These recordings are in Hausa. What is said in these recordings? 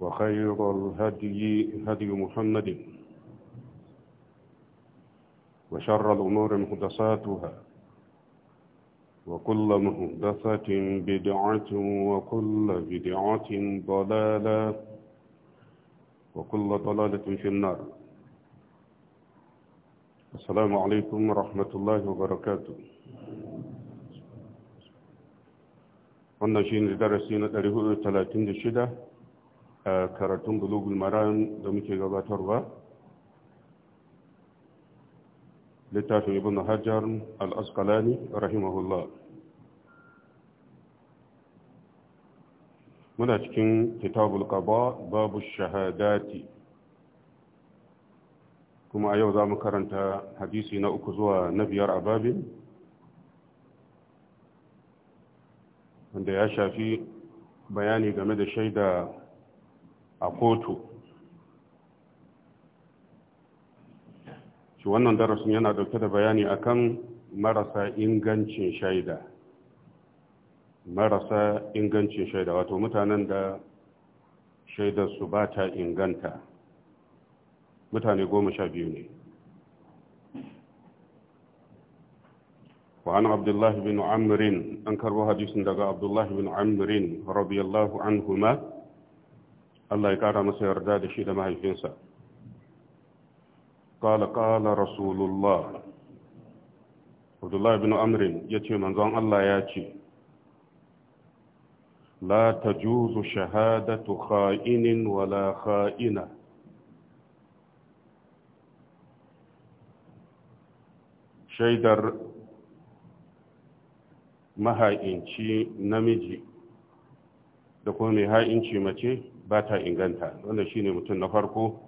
وخير الهدي هدي محمد وشر الأمور محدثاتها وكل محدثة بدعة وكل بدعة ضلالة وكل ضلالة في النار السلام عليكم ورحمة الله وبركاته wannan shi ne darasi na 436 karatun bulugul maran da muke gabatarwa littafin ibn hajjar al rahimahullah muna cikin kitabul qada babu shahadati kuma a yau za mu karanta hadisi na uku zuwa na biyar a babin wanda ya shafi bayani game da shaida a kotu shi wannan darasin yana dauke da bayani akan marasa ingancin shaida marasa ingancin shaida wato mutanen da shaidarsu ba ta inganta mutane goma sha biyu ne وعن عبد الله بن عمرو أنكر حديث دقاء عبد الله بن عمرو رضي الله عنهما Allah ya kara masa yarda da shi da mahaifinsa kala, qala rasulullah Abdullah ibn ya yace manzon Allah ya ce لا juzu shahadatu خائن wala خائنة shaidar maha'inci namiji da kuma mai ha'inci mace ba ta inganta wanda shine mutum na farko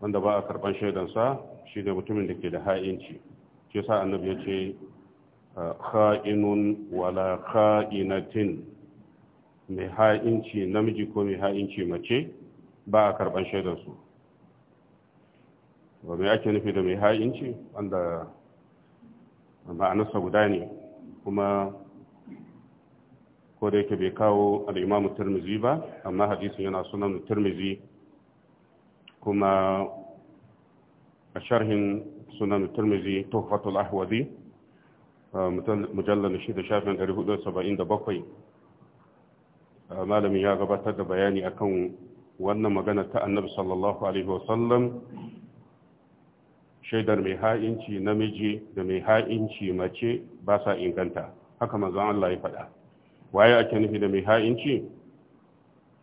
wanda ba a karban shaidansa shine mutumin da ke da ha'inci Ke sa annabi ya ce ah, ha'inun wala ha'inatin mai ha'inci namiji ko mai ha'inci mace ba a karban shaidansu ba mai ake nufi da mai ha'inci wanda ma'anarsa guda ne kuma ko da yake bai kawo al'imamu turmizi ba amma hadisin yana sunan turmizi kuma a sharhin sunan turmizi tuhfatul ahwazi mujallar shi da shafin 477 malamin ya gabatar da bayani akan wannan magana ta annabi sallallahu alaihi wasallam shaidar mai ha'inci namiji da mai ha'inci mace ba sa inganta haka manzon Allah ya faɗa waye ake nufi da mai ha'inci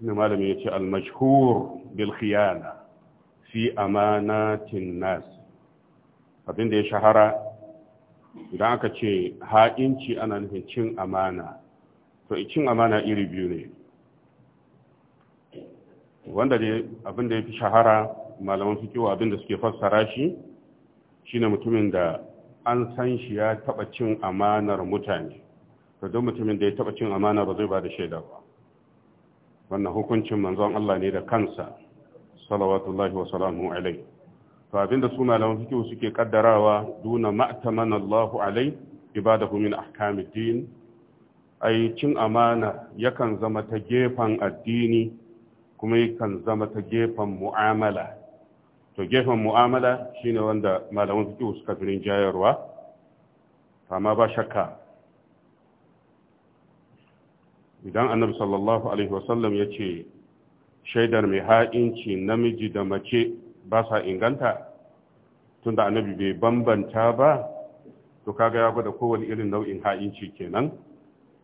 ne malami ya ce al-mashhur bil khiyana fi amanatin nas abin da ya shahara idan aka ce ha'inci ana nufin cin amana to cin amana iri biyu ne wanda dai abin da ya fi shahara malaman kiwa abin da suke fassara shi shine mutumin da an san shi ya taɓa cin amanar mutane to duk mutumin da ya taba cin amana ba zai ba da shaida ba wannan hukuncin manzon Allah ne da kansa salawatullahi wa salamu alai to abinda su malaman fiqh suke kaddarawa duna ma'tamana Allahu alai ibadahu min ahkamid din ai cin amana yakan zama ta gefen addini kuma yakan zama ta gefen mu'amala to gefen mu'amala shine wanda malaman fiqh suka fi jayarwa amma ba shakka idan annabi sallallahu alaihi wasallam ya ce shaidar mai ha'inci namiji da mace ba sa inganta tunda annabi bai bambanta ba to kaga ya gwada kowane irin nau'in ha'inci kenan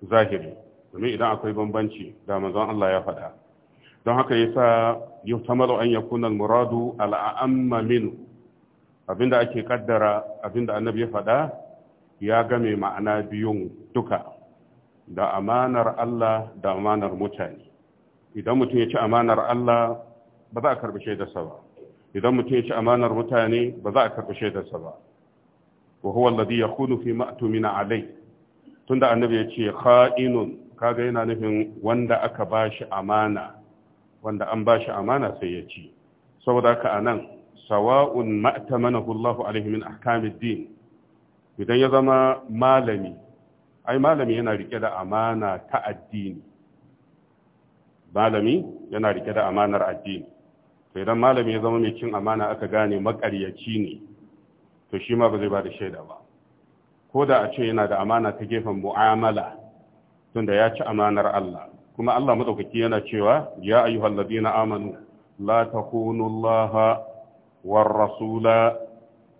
zahiri domin idan akwai bambanci da manzon Allah ya faɗa don haka yasa yuhtamalu an yakuna al-muradu al-amma min abinda ake kaddara abinda annabi ya faɗa ya game ma'ana biyun duka da amanar Allah da amanar mutane idan mutum ya ci amanar Allah ba za a karbi shaidarsa ba idan mutum ya ci amanar mutane ba za a karbi shaidarsa ba wa huwa alladhi yakhunu fi ma'tumina alai tunda annabi ya ce kha'inun kaga yana nufin wanda aka bashi amana wanda an bashi amana sai ya ci saboda haka anan sawa'un ma'tamanahu Allahu alaihi min ahkamid din idan ya zama malami ai malami yana rike da amana ta addini malami yana rike da amanar addini to idan malami ya zama mai cin amana aka gane makaryaci ne to shi ma ba zai ba da shaida ba ko da a ce yana da amana ta gefen mu'amala tunda ya ci amanar Allah kuma Allah madaukaki yana cewa ya ayyuhal ladina amanu la takunu Allah war rasula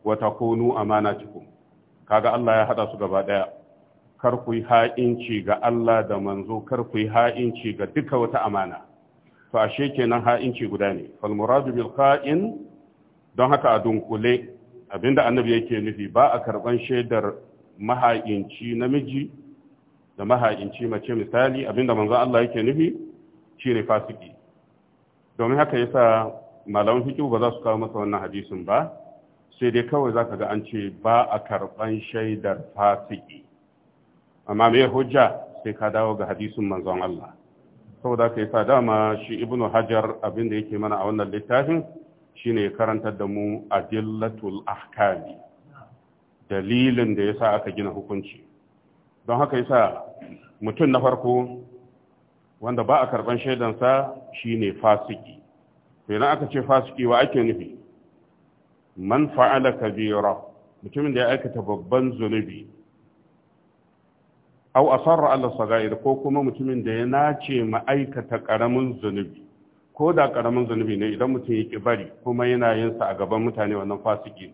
wa takunu amanatukum kaga Allah ya hada su gaba daya kar ku yi ha'inci ga Allah da manzo kar ku yi ha'inci ga duka wata amana to ashe kenan ha'inci guda ne fal muradu bil qa'in don haka a dunkule abinda annabi yake nufi ba a karban shaidar maha'inci namiji da maha'inci mace misali abinda manzo Allah yake nufi shine fasiki domin haka yasa malaman fiqh ba za su kawo masa wannan hadisin ba sai dai kawai zaka ga an ce ba a karɓan shaidar fasiki amma me hujja sai ka dawo ga hadisin manzon Allah saboda yi sa dama shi ibnu hajar abinda yake mana a wannan littafin shine ya karantar da mu a dillatul ahkami dalilin da yasa aka gina hukunci don haka yasa mutum na farko wanda ba a karban shaidansa shine fasiki Sai idan aka ce fasiki wa ake nufi man fa'ala kabira mutumin da ya aikata babban zunubi au asarra Allah sagair ko kuma mutumin da ya nace ma'aikata karamin zunubi ko da karamin zunubi ne idan mutum ya ki bari kuma yana yin sa a gaban mutane wannan fasiki ne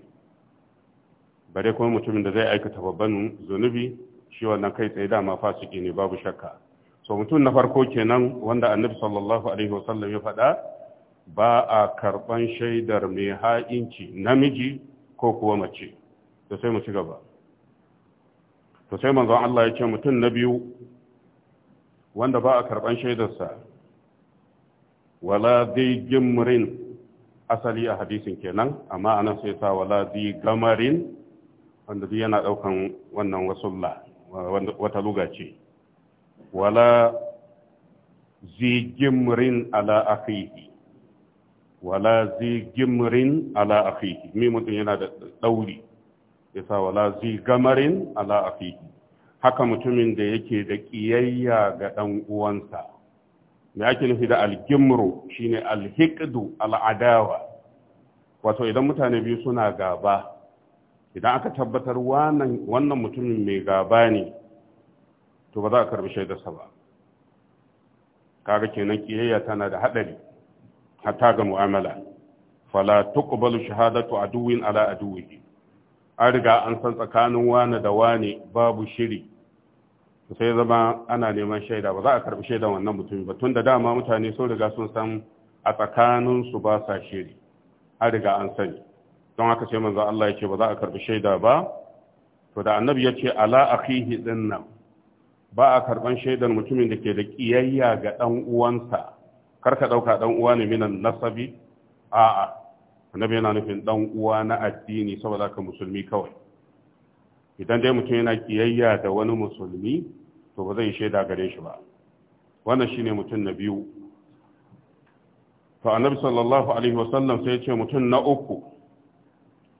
bare kuma mutumin da zai aikata babban zunubi shi wannan kai tsaye dama fasiki ne babu shakka so mutum na farko kenan wanda annabi sallallahu alaihi wasallam ya faɗa ba a karɓan shaidar mai ha'inci namiji ko kuwa mace da sai mu ci gaba to sai manzon Allah ya ce mutum na biyu wanda ba a karban shaidarsa wala zai gimrin asali a hadisin kenan amma anan sai sa wala zai gamarin wanda duk yana daukan wannan wasulla wata luga ce wala zai gimrin ala akhihi wala zai gimrin ala akhihi mimun yana da dauri yasa wala zi gamarin ala afihi haka mutumin da yake da ƙiyayya ga dan uwansa me ake nufi da al-gimru shine al-hiqdu al wato idan mutane biyu suna gaba idan aka tabbatar wannan mutumin mai gaba ne to ba za a karbi shaidarsa ba kaga kenan ƙiyayya tana da haɗari, hatta ga mu'amala fala tuqbalu shahadatu aduwin ala aduwihi an riga an san tsakanin wane da wane babu shiri sai zama ana neman shaida ba za a karbi shaidan wannan mutum ba tun da dama mutane sun riga sun san a tsakanin su ba sa shiri an riga an sani don haka sai manzo Allah yake ba za a karbi shaida ba to da annabi yace ala akhihi dinna ba a karban shaidan mutumin da ke da kiyayya ga dan uwansa karka dauka dan uwa ne minan nasabi a'a annabi yana nufin dan uwa na addini saboda ka musulmi kawai idan dai mutum yana kiyayya da wani musulmi to ba zai shaida gare shi ba wannan shine mutum na biyu to annabi sallallahu alaihi wasallam sai ya ce mutum na uku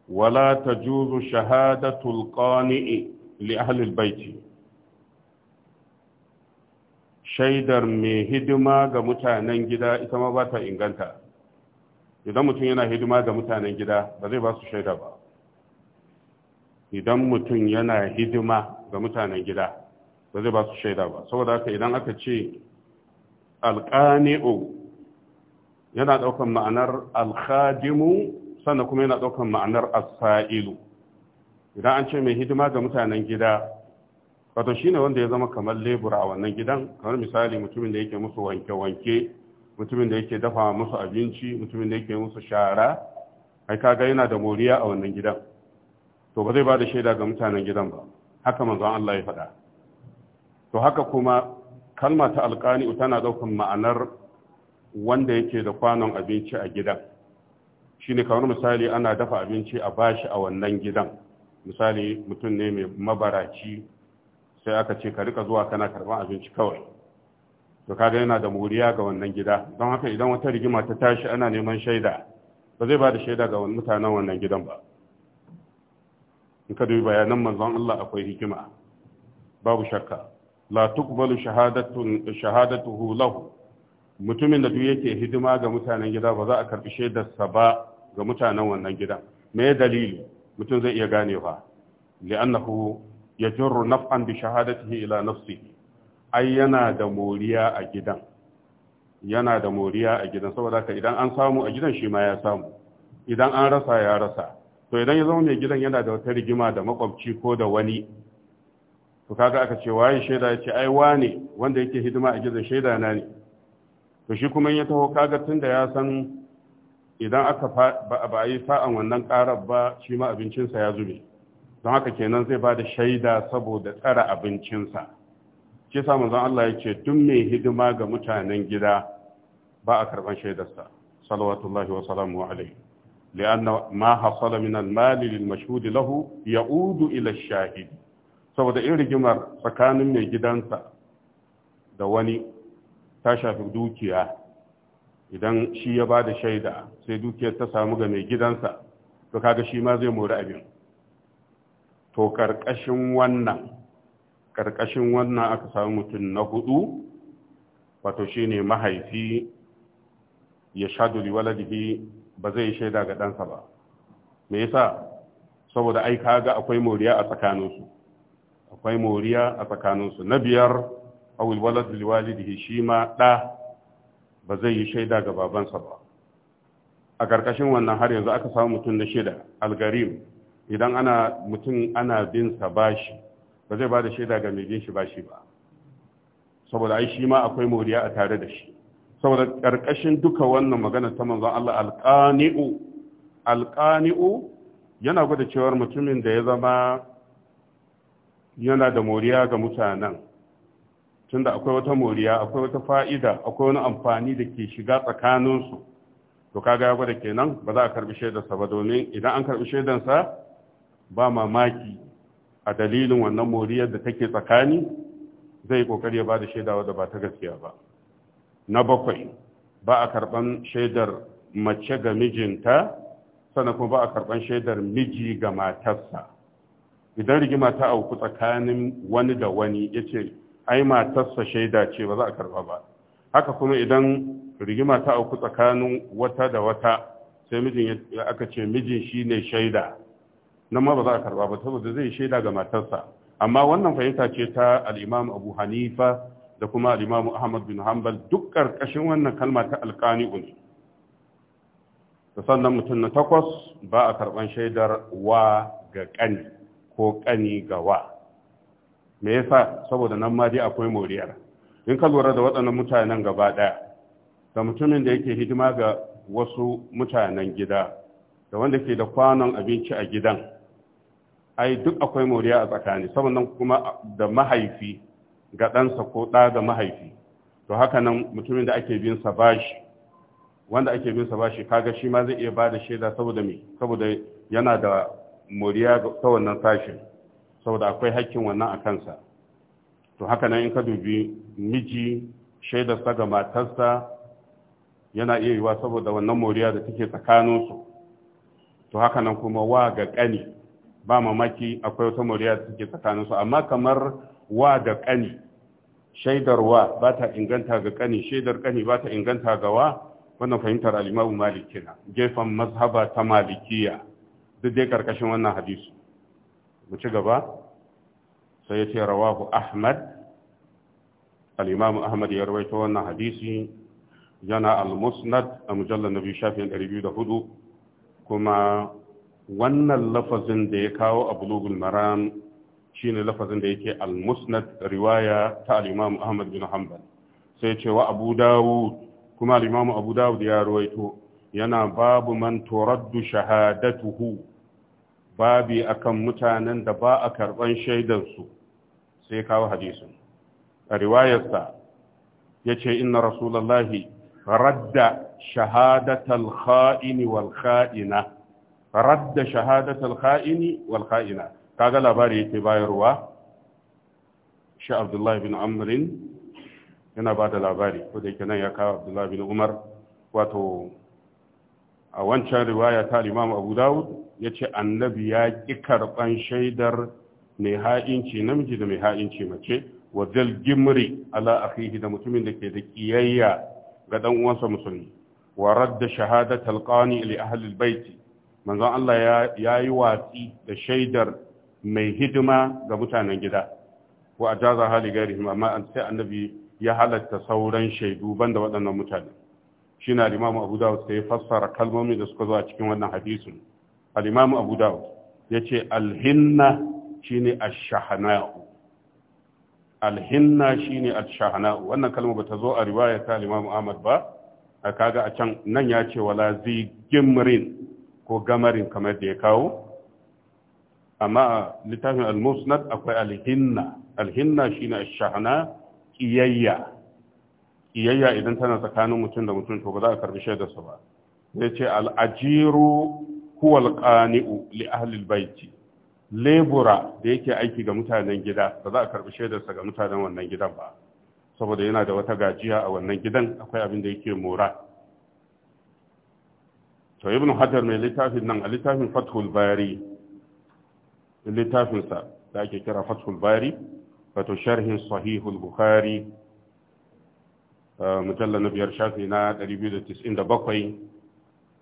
wala tajuzu shahadatul qani'i li ahli albayt shaidar mai hidima ga mutanen gida ita ma ba ta inganta idan mutum yana hidima ga mutanen gida ba zai ba su shaida ba idan mutum yana hidima ga mutanen gida ba zai ba su shaida ba saboda haka idan aka ce alƙani'u yana ɗaukan ma'anar alkhadimu sannan kuma yana ɗaukan ma'anar asa'ilu idan an ce mai hidima ga mutanen gida wato shine wanda ya zama kamar lebura a wannan gidan kamar misali mutumin da yake musu wanke-wanke mutumin da yake dafa musu abinci mutumin da yake musu shara ai kaga yana da moriya a wannan gidan to ba zai ba da shaida ga mutanen gidan ba haka manzon Allah ya faɗa to haka kuma kalma ta alƙani tana ɗaukar ma'anar wanda yake da kwanon abinci a gidan shine kamar misali ana dafa abinci a bashi a wannan gidan misali mutum ne mai mabaraci sai aka ce ka rika zuwa kana karban abinci kawai to kaga yana da muriya ga wannan gida don haka idan wata rigima ta tashi ana neman shaida ba zai ba da shaida ga mutanen wannan gidan ba in ka dubi bayanan manzon Allah akwai hikima babu shakka la tuqbalu shahadatun shahadatuhu lahu mutumin da duk yake hidima ga mutanen gida ba za a karbi shaidarsa ba ga mutanen wannan gidan me dalili mutum zai iya ganewa li'annahu yajurru naf'an bi shahadatihi ila nafsihi ai yana da moriya a gidan yana da moriya a gidan saboda haka idan an samu a gidan shi ma ya samu idan an rasa ya rasa to idan ya zama mai gidan yana da wata rigima da makwabci ko da wani to kaga aka ce waye shaida ya ce ai wane wanda yake hidima a gidan shaida na ne to shi kuma ya taho kaga tunda ya san idan aka ba a yi sa'an wannan karar ba shi ma abincinsa ya zube don haka kenan zai ba da shaida saboda tsara abincinsa ke sa manzon Allah ce tun mai hidima ga mutanen gida ba a karban shaidarsa salawatullahi wa salamu alaihi li'anna ma hasala min al-mal lil-mashhud ila ash saboda in rigimar tsakanin mai gidansa da wani ta shafi dukiya idan shi ya ba da shaida sai dukiyar ta samu ga mai gidansa to kaga shi ma zai mori abin to ƙarƙashin wannan ƙarƙashin wannan aka samu mutum na hudu wato shi ne mahaifi ya shaɗu waladihi ba zai shaida ga ɗansa ba me yasa saboda ai kaga akwai moriya a tsakaninsu akwai moriya a tsakaninsu na biyar awul walad liwalidihi shi ma ɗa ba zai yi shaida ga babansa ba a ƙarƙashin wannan har yanzu aka samu mutum na shida algarim idan ana mutum ana bin sa bashi ba zai ba da shaida ga mai shi ba shi ba saboda ai shi ma akwai moriya a tare da shi saboda ƙarƙashin duka wannan magana ta manzon Allah alqani'u alqani'u yana gwada cewar mutumin da ya zama yana da moriya ga mutanen tunda akwai wata moriya akwai wata fa'ida akwai wani amfani da ke shiga tsakaninsu to kaga ya gwada kenan ba za a karbi shaidarsa ba domin idan an karbi shaidarsa ba mamaki a dalilin wannan moriyar da take tsakani zai kokari ya ba da shaidawa da ba ta gaskiya ba na bakwai ba a karban shaidar mace ga mijinta sannan kuma ba a karban shaidar miji ga matarsa idan rigima ta auku tsakanin wani da wani ya ce ai matarsa shaida ce ba za a karba ba haka kuma idan rigima ta auku tsakanin wata da wata sai mijin aka ce mijin shi ne shaida nan ma ba za a karba ba saboda zai shaida ga matarsa amma wannan fahimta ce ta Alimam Abu Hanifa da kuma al-Imam Ahmad bin Hanbal duk karkashin wannan kalma ta alqani'u ne da sannan mutum na takwas ba a karban shaidar wa ga ƙani ko ƙani ga wa me yasa saboda nan ma dai akwai moriyar in ka lura da waɗannan mutanen gaba ɗaya da mutumin da yake hidima ga wasu mutanen gida da wanda ke da kwanon abinci a gidan ai duk akwai moriya a tsakani saboda kuma da mahaifi ga ɗansa ko ɗa da mahaifi to haka nan mutumin da ake bin sa bashi wanda ake bin sa bashi kaga shi ma zai iya ba da shaida saboda me saboda yana da moriya ta wannan sashin saboda akwai hakkin wannan a kansa to haka nan in ka dubi miji shaidarsa ga matarsa yana iya yiwa saboda wannan moriya da take tsakaninsu to haka nan kuma wa ga ƙani ba mamaki akwai wata murya da tsakaninsu amma kamar wa da ƙani shaidar wa ba ta inganta ga ƙani shaidar ƙani ba ta inganta ga wa wannan fahimtar alimamu malik kenan gefen mazhaba ta malikiya duk dai karkashin wannan hadisu. mu ci gaba sai ya ce rawahu ahmad al'imamu ahmad ya rawaito wannan hadisi yana al-musnad a mujallar na biyu shafin 204 kuma wannan lafazin da ya kawo a bulugul maram shine lafazin da yake al-musnad riwaya ta al-imam ahmad bin hanbal sai ce wa abu dawud kuma al-imam abu dawud ya ruwaito yana babu man turaddu shahadatuhu babi akan mutanen da ba a karban shaidansu sai kawo hadisin a riwayarsa yace inna rasulullahi radda shahadatal kha'ini wal kha'ina radda shahadatul kha'ini wal kha'ina kaga labari yake bayarwa shi Abdullahi bin Amrin yana ba da labari ko da yake nan ya kawo Abdullahi bin Umar wato a wancan riwaya ta Imam Abu Dawud ya ce annabi ya ƙi karɓan shaidar mai ha'inci namiji da mai ha'inci mace wa zal gimri ala akhihi da mutumin da ke da kiyayya ga dan uwansa musulmi wa radda shahadatal qani li ahli albayt manzon Allah ya yi watsi da shaidar mai hidima ga mutanen gida wa ajaza hali gairihim amma sai annabi ya halatta sauran shaidu banda waɗannan mutane shi na limamu abu dawud sai fassara kalmomi da suka zo a cikin wannan hadisin al-imamu abu dawud ya ce alhinna shine ash-shahana'u alhinna shine ash-shahana'u wannan kalma bata zo a riwaya ta al-imamu ahmad ba kaga a can nan ya ce wala zigimrin ko gamarin kamar da ya kawo amma a littafin al-musnad akwai al-hinna. alhinna alhinna shine shahna kiyayya kiyayya idan tana tsakanin mutum da mutum to ba za a karbi shaidar sa ba yace ce al-ajiru huwa al-qani'u li ahli al-baiti lebura da yake aiki ga mutanen gida ba za a karbi shaidar sa ga mutanen wannan gidan ba saboda yana da wata gajiya a wannan gidan akwai abin da yake mora to ibn hajar mai littafin nan a littafin fathul bari littafinsa da ake kira fathul bari wato sharhin sahihul bukhari uh, mujalla na biyar shafi na 297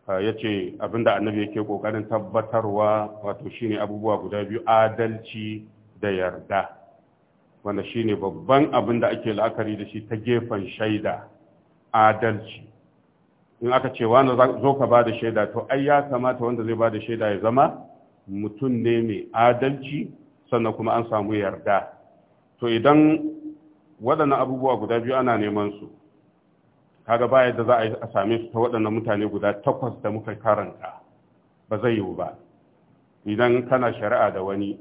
uh, ya ce abinda annabi yake kokarin tabbatarwa wato shine abubuwa guda biyu adalci da yarda wanda shine babban abin da ake la'akari da shi ta gefen shaida adalci in aka ce wani zo ka ba da shaida to ai ya kamata wanda zai ba da shaida ya zama mutum ne mai adalci sannan kuma an samu yarda to idan waɗannan abubuwa guda biyu ana neman su kaga ba yadda za a same su ta waɗannan mutane guda takwas da muka karanta ba zai yiwu ba idan kana shari'a da wani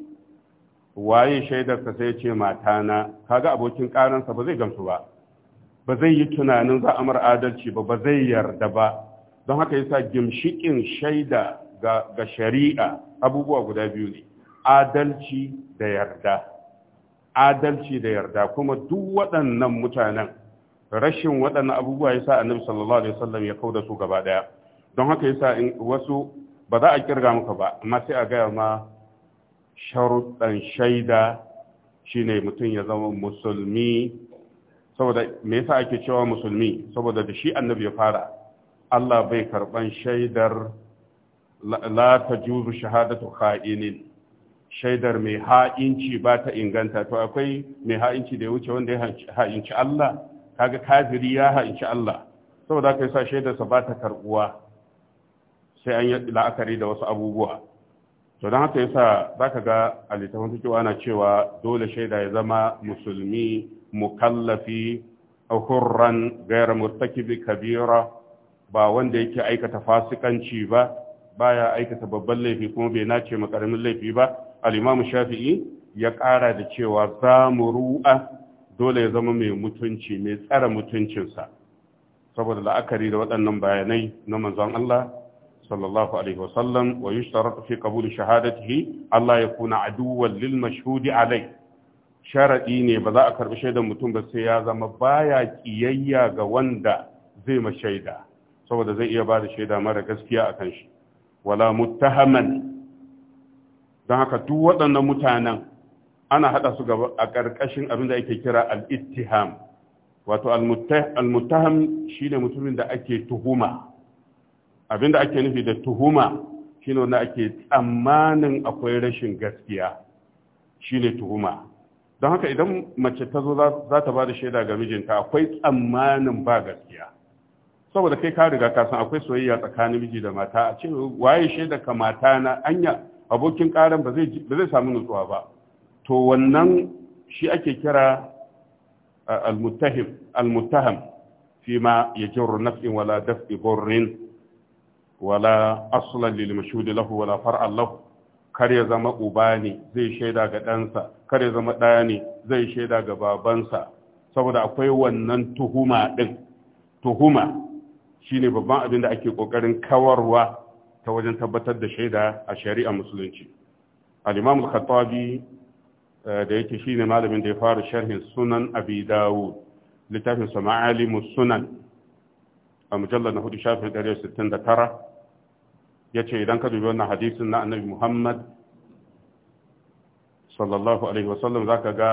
waye shaidarsa sai ce mata matana kaga abokin karansa ba zai gamsu ba ba zai yi tunanin za a mara adalci ba ba zai yarda ba don haka yasa gimshikin shaida ga shari'a abubuwa guda biyu ne adalci da yarda adalci da yarda kuma duk waɗannan mutanen rashin waɗannan abubuwa yasa annabi sallallahu alaihi wasallam ya kauda su gaba daya don haka yasa wasu ba za a kirga muka ba amma sai a gaya ma sharuɗan shaida shine mutum ya zama musulmi saboda me yasa ake cewa musulmi saboda da shi annabi ya fara Allah bai karban shaidar la juzu shahadatu kha'inin shaidar mai ha'inci ba ta inganta to akwai mai ha'inci da ya wuce wanda ya ha'inci Allah kaga kafiri ya ha'inci Allah saboda haka yasa shaidarsa ba ta karbuwa sai an yi la'akari da wasu abubuwa to don haka yasa zaka ga a cewa ana cewa dole shaida ya zama musulmi mukallafi hurran gaira kabira ba wanda yake aikata fasikanci ba baya aikata babban laifi kuma bai nace karamin laifi ba al shafi'i ya ƙara da cewa zamuru'a dole ya zama mai mutunci mai tsara mutuncinsa saboda la'akari da waɗannan bayanai na manzon Allah sallallahu alaihi wasallam wa yushtaratu fi qabuli shahadatihi Allah ya kuna aduwwan lil mashhudi alai sharaɗi ne ba za a karɓi shaidar mutum ba sai ya zama baya ƙiyayya ga wanda zai ma shaida saboda zai iya ba da shaida mara gaskiya a kan shi wala muttahaman don haka duk waɗannan mutanen ana haɗa su gaba a ƙarƙashin abin da ake kira al-ittiham wato al shi shine mutumin da ake tuhuma abin da ake nufi da tuhuma shine wanda ake tsammanin akwai rashin gaskiya shine tuhuma don haka idan mace ta zo za ta ba da shaida ga mijinta akwai tsammanin ba gaskiya saboda kai ka riga kasan akwai soyayya tsakanin miji da mata a ce waye shaida ka mata na anya abokin karan ba zai sami samu nutsuwa ba to wannan shi ake kira almuttaham muttahim fi ma yajru nafsin wala daf'i burrin wala aslan lil mashhud lahu wala far'an lahu kar ya zama uba ne zai shaida ga ɗansa kar ya zama ɗaya ne zai shaida ga babansa saboda akwai wannan tuhuma ɗin tuhuma shi ne babban abin da ake ƙoƙarin kawarwa ta wajen tabbatar da shaida a shari'a musulunci al al-khattabi eh, da yake ne malamin da ya fara sharhin sunan abi dawud littafin sa sunan a mujallar na hudu shafin 169 ya ce idan ka dubi wannan hadisin na annabi muhammad sallallahu alaihi wasallam za ka ga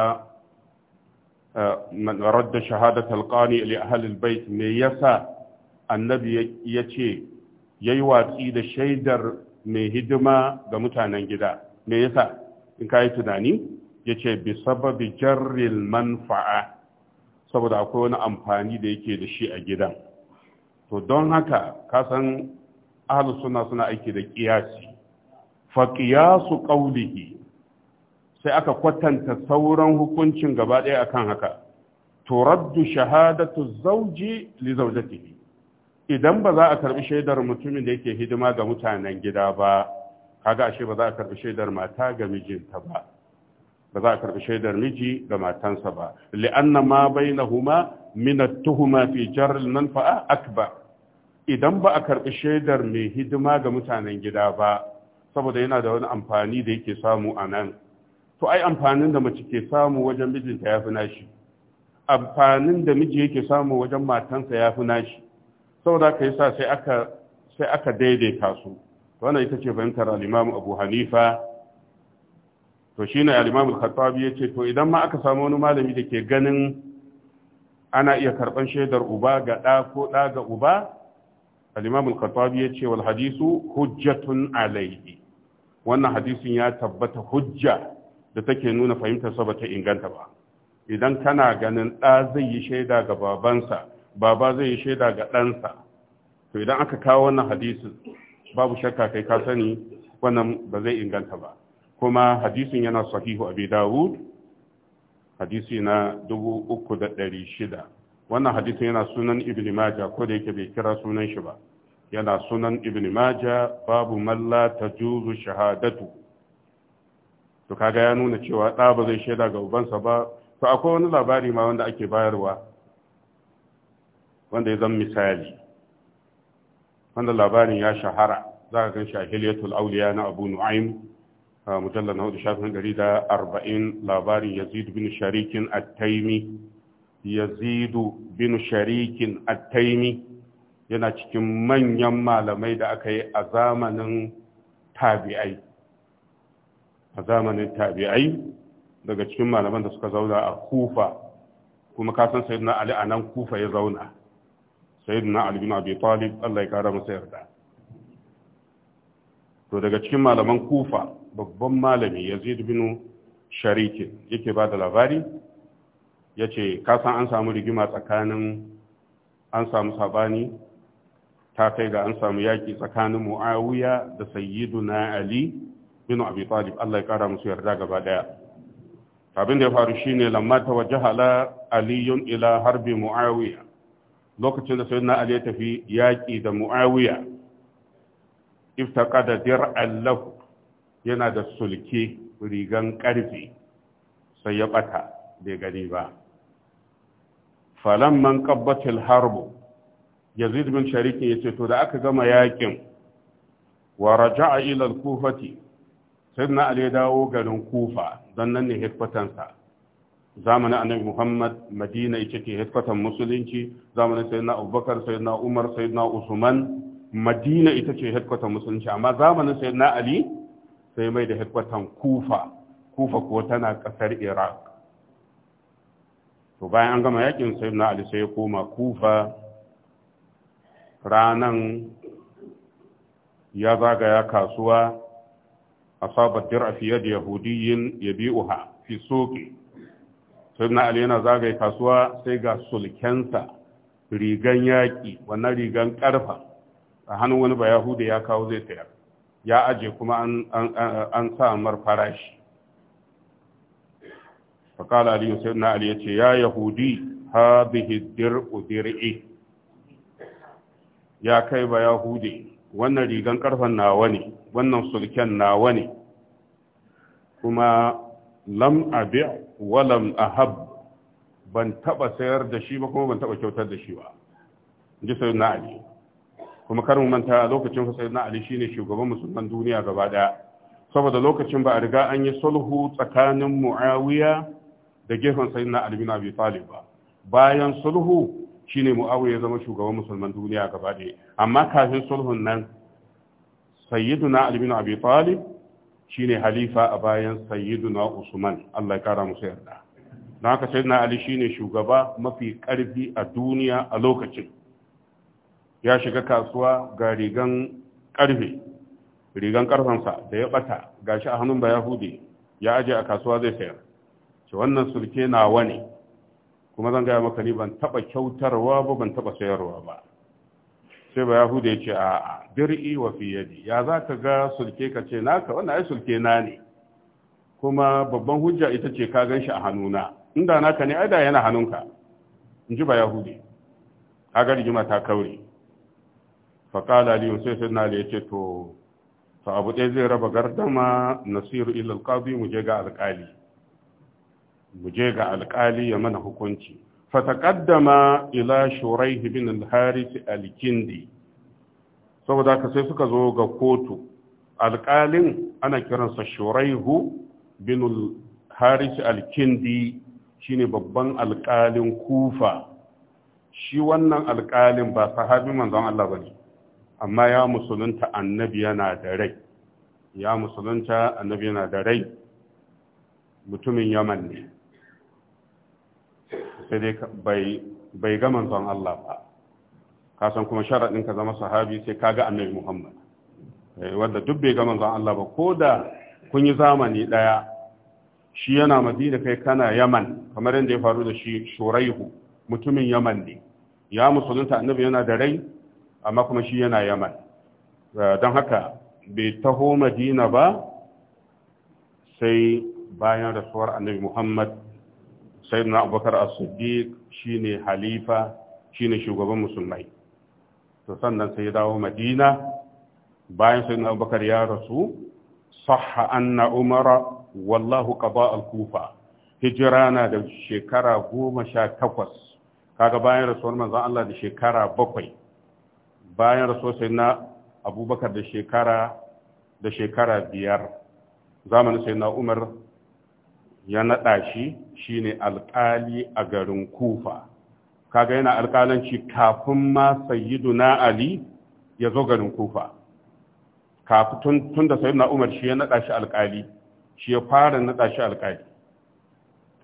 eh, radda shahadat alƙani li ahalil bait me yasa annabi ya ce ya yi watsi da shaidar mai hidima ga mutanen gida me yasa in ka yi tunani ya ce bi sababi jarril manfa'a saboda akwai wani amfani da yake da shi a gidan to don haka kasan ahlus sunna suna aiki da ƙiyasi, fa qiyasu qawlihi sai aka kwatanta sauran hukuncin gaba ɗaya akan haka turaddu shahadatu zawji li zawjatihi idan ba za a karbi shaidar mutumin da yake hidima ga mutanen gida ba kaga ashe ba za a karbi shaidar mata ga mijinta ba ba za a karbi shaidar miji ga matansa ba li'anna ma bainahuma min at-tuhma fi jar al-manfa'a akbar idan ba a karɓi shaidar mai hidima ga mutanen gida ba saboda yana da wani amfani da yake samu a nan to ai amfanin da mace ke samu wajen mijinta ya fi nashi amfanin da miji yake samu wajen matansa ya fi nashi saboda ka yi sai aka sai aka daidaita su wannan ita ce fahimtar alimamu Abu Hanifa to shi ne alimamu al ya ce to idan ma aka samu wani malami da ke ganin ana iya karɓar shaidar uba ga ɗa ko ɗa ga uba al-imam ya cewa yace wal hadisu hujjatun alayhi wannan hadisin ya tabbata hujja da take nuna fahimtar sa ta inganta ba idan kana ganin ɗa zai yi shaida ga babansa baba zai yi shaida ga ɗansa to idan aka kawo wannan hadisin babu shakka kai ka sani wannan ba zai inganta ba kuma hadisin yana sahihu abi dawud hadisi na shida wannan hadisin yana sunan ibn majah ko da yake bai kira sunan shi ba yana sunan ibn maja babu malla ta juzu shahadatu to kaga ya nuna cewa ɗa ba zai shaida ga ubansa ba to akwai wani labari ma wanda ake bayarwa wanda ya zan misali wanda labarin ya shahara za ka ganshi a hiliyatul auliya na abu nu'aim mujallar na hudu shafin ɗari da arba'in labarin yazid bin sharikin attaimi yazidu bin sharikin attaimi yana cikin manyan malamai da aka yi a zamanin tabi'ai a zamanin tabi'ai daga cikin malaman da suka zauna a kufa kuma kasan na ali a nan kufa ya zauna na ali bin abi talib Allah ya kara masa yarda to daga cikin malaman kufa babban malami yazid bin shariki yake ba da labari ya ce kasan an samu rigima tsakanin an samu sabani ta kai ga an samu yaƙi tsakanin mu'awiya da sayyiduna ali bin abi talib Allah ya kara musu yarda gaba daya abin da ya faru shine lamma tawajjaha ala aliyun ila harbi muawiya lokacin da sayyidina ali ya tafi yaki da muawiya iftaqada dir'an lahu yana da sulke rigan karfe sai ya bata bai gani ba falamman qabbatil harbu yazid bin shariki ya ce to da aka gama yakin wa raja'a ila al-kufati sayyidina ali ya dawo garin kufa dan nan ne sa zamanin annabi muhammad madina ita ce hikfatan musulunci zamanin sayyidina abubakar sayyidina umar sayyidina usman madina ita ce hikfatan musulunci amma zamanin sayyidina ali sai mai da hikfatan kufa kufa kuwa tana kasar iraq to bayan an gama yakin sayyidina ali sai ya koma kufa ranan ya zagaya kasuwa asabar dir'a fiye da yahudiyin ya uha, fi soke sai na ali yana zagaya kasuwa sai ga sulkensa rigan yaƙi wannan rigan ƙarfa a hannun wani ba yahudi ya kawo zai sayar ya aje kuma an sa mar farashi faƙala aliyu sai na ali ya ce ya yahudi ha bihi dir'u ya kai ba ya hude. wannan rigan karfan nawa ne wannan sulken nawa ne kuma lam abi wa lam ahab ban taba sayar da shi ba kuma ban taba kyautar da shi ba ji sai na ali kuma karin manta lokacin fa sai na ali shine shugaban musulman duniya gaba daya saboda lokacin ba a riga an yi sulhu tsakanin muawiya da gefen sai na ali bin abi talib ba bayan sulhu shine muawiya ya zama shugaban musulman duniya gaba ɗaya amma kafin sulhun nan sayyiduna ali bin abi talib shine halifa a bayan sayyiduna usman Allah ya kara musu yarda don haka sayyiduna ali shine shugaba mafi ƙarfi a duniya a lokacin ya shiga kasuwa ga rigan karfe rigan karfansa da ya bata gashi a hannun ba yahudi ya aje a kasuwa zai sayar ce wannan sulke nawa ne kuma zan gaya maka ni ban taba kyautarwa ba ban taba sayarwa ba sai ba yahuda ya ce a dir'i wa fi yadi ya za ka ga sulke ka ce naka wannan ai sulke na ne kuma babban hujja ita ce ka gan a hannuna inda naka ne ai da yana hannunka in ji ba yahudi ka ga rigima ta kaure faƙala liyu sai sai na ya to to abu ɗaya zai raba gardama nasiru ilal qadi mu je ga alƙali mu je ga alƙali ya mana hukunci fataqaddama ila shuraih bin al-harith al-kindi saboda ka sai suka zo ga kotu alkalin ana kiransa shuraihu bin al-harith al-kindi shine babban alkalin kufa shi wannan alƙalin ba sahabi manzon Allah bane amma ya musulunta annabi yana da rai ya musulunta annabi yana da rai mutumin yaman ne sai dai bai ga manzon Allah ba ka kuma sharaɗin ka zama sahabi sai ka ga annabi Muhammad eh, wanda duk bai ga manzon Allah ba ko da kun yi zamani ɗaya shi yana madina kai kana yaman kamar yadda ya faru da shi shuraihu mutumin yaman ne ya musulunta annabi yana da rai amma kuma shi yana yaman eh, don haka bai taho madina ba sai bayan rasuwar annabi muhammad sayyidina abubakar as-siddiq shine halifa shine shugaban musulmai to sannan sai ya dawo madina bayan sayyidina abubakar ya rasu sahha anna umara wallahu qada al-kufa hijira na da shekara goma sha takwas kaga bayan rasuwar manzon Allah da shekara bakwai bayan rasuwar sayyidina abubakar da shekara da shekara biyar zamanin sayyidina umar ya naɗa shi shi ne alƙali a garin kufa kaga yana alƙalanci kafin ma na ali ya zo garin kufa kafin tun da na umar shi ya naɗa shi alƙali shi ya fara naɗa shi alƙali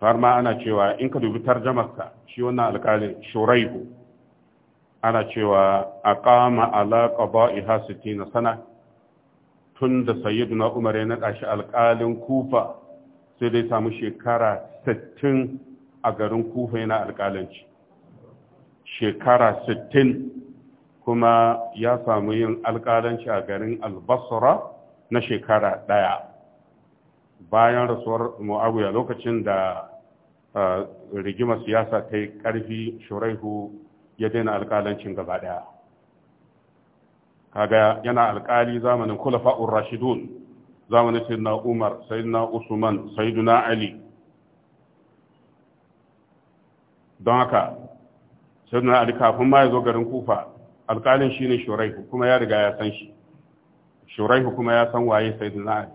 har ma ana cewa in ka dubi tarjamarsa shi wannan alƙalin shuraihu ana cewa a aqama ala qada'iha na sana tun da na umar ya naɗa shi alƙalin kufa sai dai samu shekara sittin a garin kufa yana alƙalanci shekara sittin kuma ya samu yin alƙalanci a garin albasra na shekara ɗaya bayan rasuwar mu'awiya lokacin da rigimar siyasa ta yi ƙarfi shuraihu ya daina alƙalancin gaba ɗaya kaga yana alƙali zamanin kulafa'ur rashidun zamanin sayyidina Umar sayyidina Usman sayyidina Ali don haka sayyidina Ali kafin ma ya zo garin Kufa alƙalin shine Shuraihu kuma ya riga ya san shi Shuraihu kuma ya san waye sayyidina Ali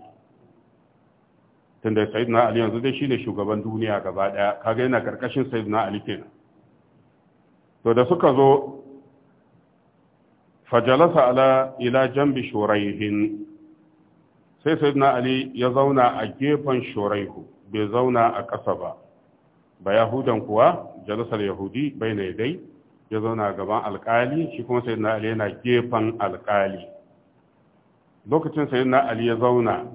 tunda sayyidina Ali yanzu dai shine shugaban duniya gaba daya kaga yana karkashin sayyidina Ali kenan to da suka zo fajalasa ala ila jambi shuraihin sai sayyidina ali ya zauna a gefen shuraihu bai zauna a ƙasa ba ba yahudan kuwa jalisar yahudi bai na dai ya zauna gaban alkali shi kuma sayyidina ali yana gefen alkali lokacin sayyidina ali ya zauna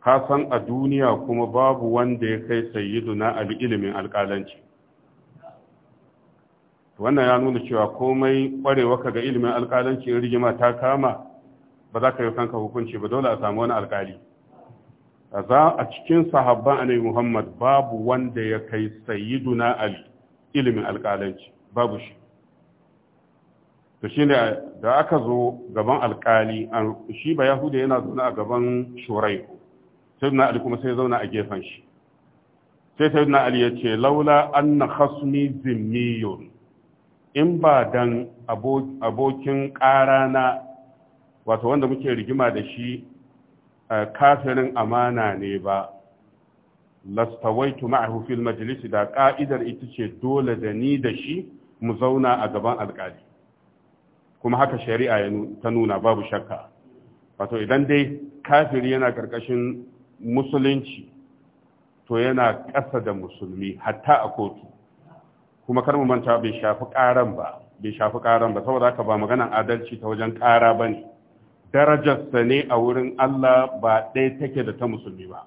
ka san a duniya kuma babu wanda ya kai sayyiduna ali ilimin alkalanci wannan ya nuna cewa komai kwarewa ka ga ilimin alkalanci rigima ta kama ba za ka yi kanka hukunci ba dole a samu wani alkali za a cikin sahabban annabi Muhammad babu wanda ya kai sayyiduna Ali ilimin alkalanci babu shi to shine da aka zo gaban alkali shi ba yahuda yana zaune a gaban shurai sayyiduna Ali kuma sai zauna a gefen shi sai sayyiduna Ali ya ce laula anna khasmi zimmiyun in ba dan abokin ƙara na wato wanda muke rigima da shi eh, kafirin amana ne ba lastawaitu ma'ahu fil majalisi da ka'idar ita ce dole da ni da shi mu zauna a gaban alkali kuma haka shari'a ta nuna babu shakka wato idan dai kafiri yana ƙarƙashin musulunci to yana ƙasa da musulmi hatta a kotu kuma kar mu manta bai shafi ƙaran ba bai shafi ƙaran ba saboda haka ba maganan adalci ta wajen ƙara ba ne darajarsa ne a wurin Allah ba ɗaya take da ta musulmi ba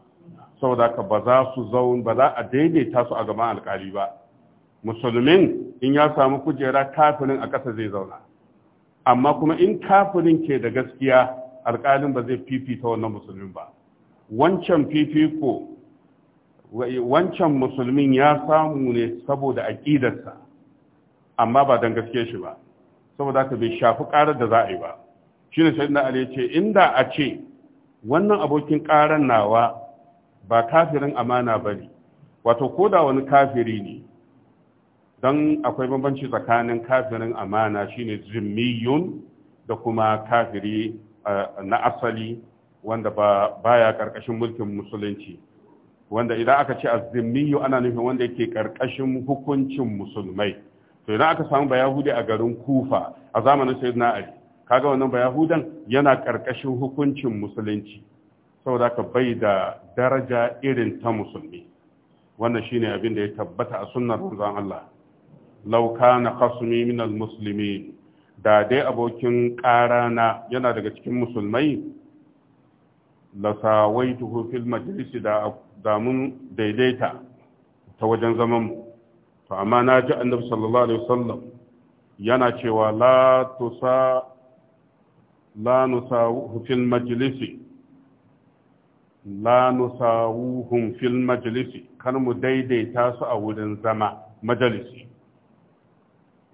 saboda ka ba za su zaun ba za a daidaita su a gaban alkali ba musulmin in ya samu kujera kafirin a ƙasa zai zauna amma kuma in kafirin ke da gaskiya alkalin ba zai fifita wannan musulmin ba wancan fifiko wancan musulmin ya samu ne saboda aƙidarsa amma ba don gaske shi ba saboda ka bai shafi ƙarar da za a yi ba shi ne sayyidina ali ya ce inda a ce wannan abokin ƙaran nawa ba kafirin amana ba ne wato ko da wani kafiri ne don akwai bambanci tsakanin kafirin amana shine zimmiyun da kuma kafiri na asali wanda ba baya karkashin mulkin musulunci wanda idan aka ce azimmiyu ana nufin wanda yake karkashin hukuncin musulmai to idan aka samu bayahudi a garin kufa a zamanin sayyidina ali kaga wannan ba yahudan yana karkashin hukuncin musulunci saboda ka bai da daraja irin ta musulmi wannan shine abin da ya tabbata a sunnar manzon Allah law kana khasmi min almuslimin da dai abokin ƙarana yana daga cikin musulmai la sawaituhu fil majlis da da mun daidaita ta wajen zaman mu to amma na ji annabi sallallahu alaihi wasallam yana cewa la tusa la nusawuhu fil majlisi la kar mu daidaita su a wurin zama majalisi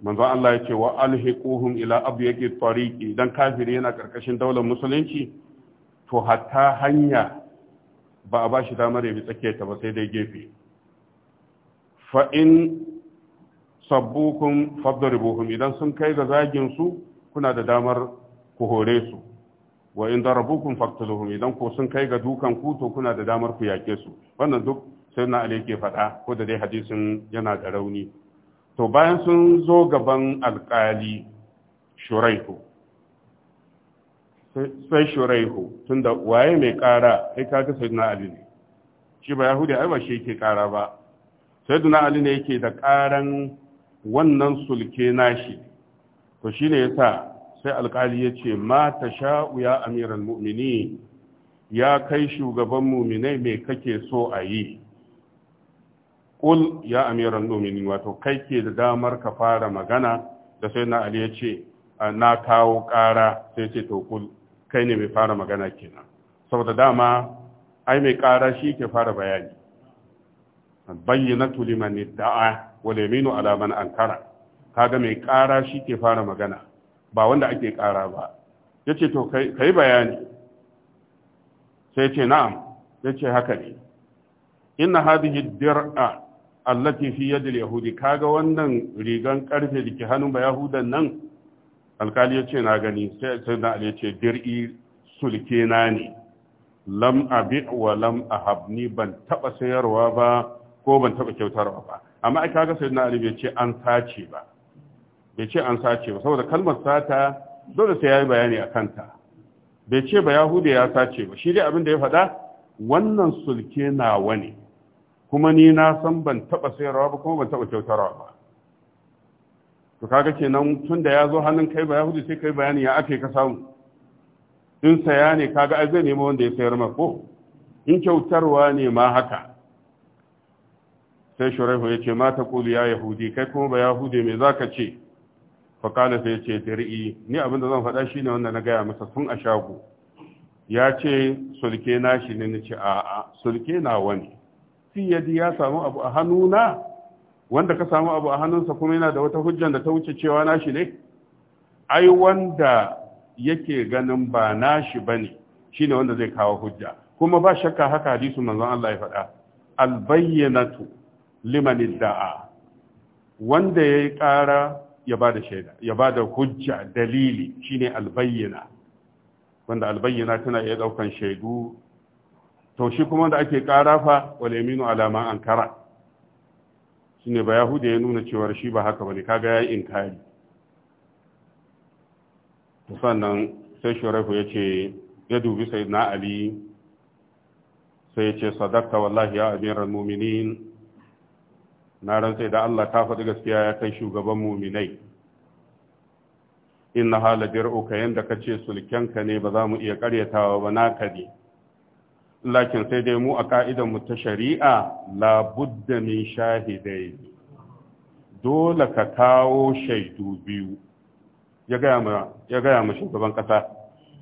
manzon Allah ya ce wa alhiquhum ila abyaqi tariqi dan kafiri yana ƙarƙashin daular musulunci to hatta hanya ba a bashi damar ya bi tsakiyar ta ba sai dai gefe fa sabbukun sabbukum idan sun kai ga zagin su kuna da damar ku hore su wa in darabukum faqtuluhum idan ko sun kai ga dukan ku to kuna da damar ku yake su wannan duk sai na ali fada faɗa ko da dai hadisin yana da rauni to bayan sun zo gaban alkali shuraihu sai shuraihu tunda waye mai ƙara kai kaga sayyidina ali ne shi ba yahudi ai ba shi yake ƙara ba sayyidina ali ne yake da ƙaran wannan sulke nashi to shine yasa sai alkali ya ce ma ta sha'u ya amiran mu'mini ya kai shugaban muminai mai kake so a yi ƙul ya amiran mu'mini wato kai ke da damar ka fara magana da sai na ali ya ce na kawo ƙara sai ce to ƙul kai ne mai fara magana kenan saboda dama ai mai ƙara shi ke fara bayani bayyana tulimani da'a wale minu alaman man kaga mai ƙara shi ke fara magana ba wanda ake ƙara ba ya ce to ka yi bayani sai ce na'am ya ce haka ne inna hadhihi dir'a allati fi yadda yahudi kaga wannan rigan karfe da ke hannun ba yahudan nan alkali ya ce na gani sai sai na ya ce dir'i sulke na ne lam abi wa lam ahabni ban taba sayarwa ba ko ban taba kyautarwa ba amma ai kaga sai na ali bai ce an sace ba bai ce an sace ba saboda kalmar sata dole sai ya yi bayani a kanta bai ce ba yahuda ya sace ba shi dai abin da ya faɗa wannan sulke nawa ne kuma ni na san ban taɓa sayarwa ba kuma ban taɓa kyautarwa ba to kaga kenan tun da ya zo hannun kai ba yahudu sai kai bayani ya ake ka samu in saya ne kaga ai zai nemo wanda ya sayar ma ko in kyautarwa ne ma haka sai shuraihu ya ce ma ta ya yahudi kai kuma ba yahudi me zaka ce faƙala sai ce dir'i ni abin da zan faɗa shi ne wanda na gaya masa tun a shago ya ce sulke na shi ne na ce a'a sulke na wani fi yadi ya samu abu a hannuna wanda ka samu abu a hannunsa kuma yana da wata hujjan da ta wuce cewa na shi ne ai wanda yake ganin ba na shi ba ne shi ne wanda zai kawo hujja kuma ba shakka haka hadisu manzon Allah ya faɗa albayyanatu liman da'a wanda ya yi ƙara ya bada shaida ya bada hujja dalili shine albayyana wanda albayyana tana iya daukan shaidu to shi kuma da ake karafa wal yaminu ma ankara shine ba yahudi ya nuna cewa shi ba haka bane kaga yayi inkari to sannan sai shurafu yace ya dubi sayyidina ali sai yace sadaqta wallahi ya amiral mu'minin na rantse da Allah ta faɗi gaskiya ya kai shugaban muminai In inna hala yadda ka ce sulkenka ne ba za mu iya karyatawa ba naka ne lakin sai dai mu a ka'idan mu ta shari'a la budda min shahidai dole ka kawo shaidu biyu ya gaya ma shugaban ƙasa.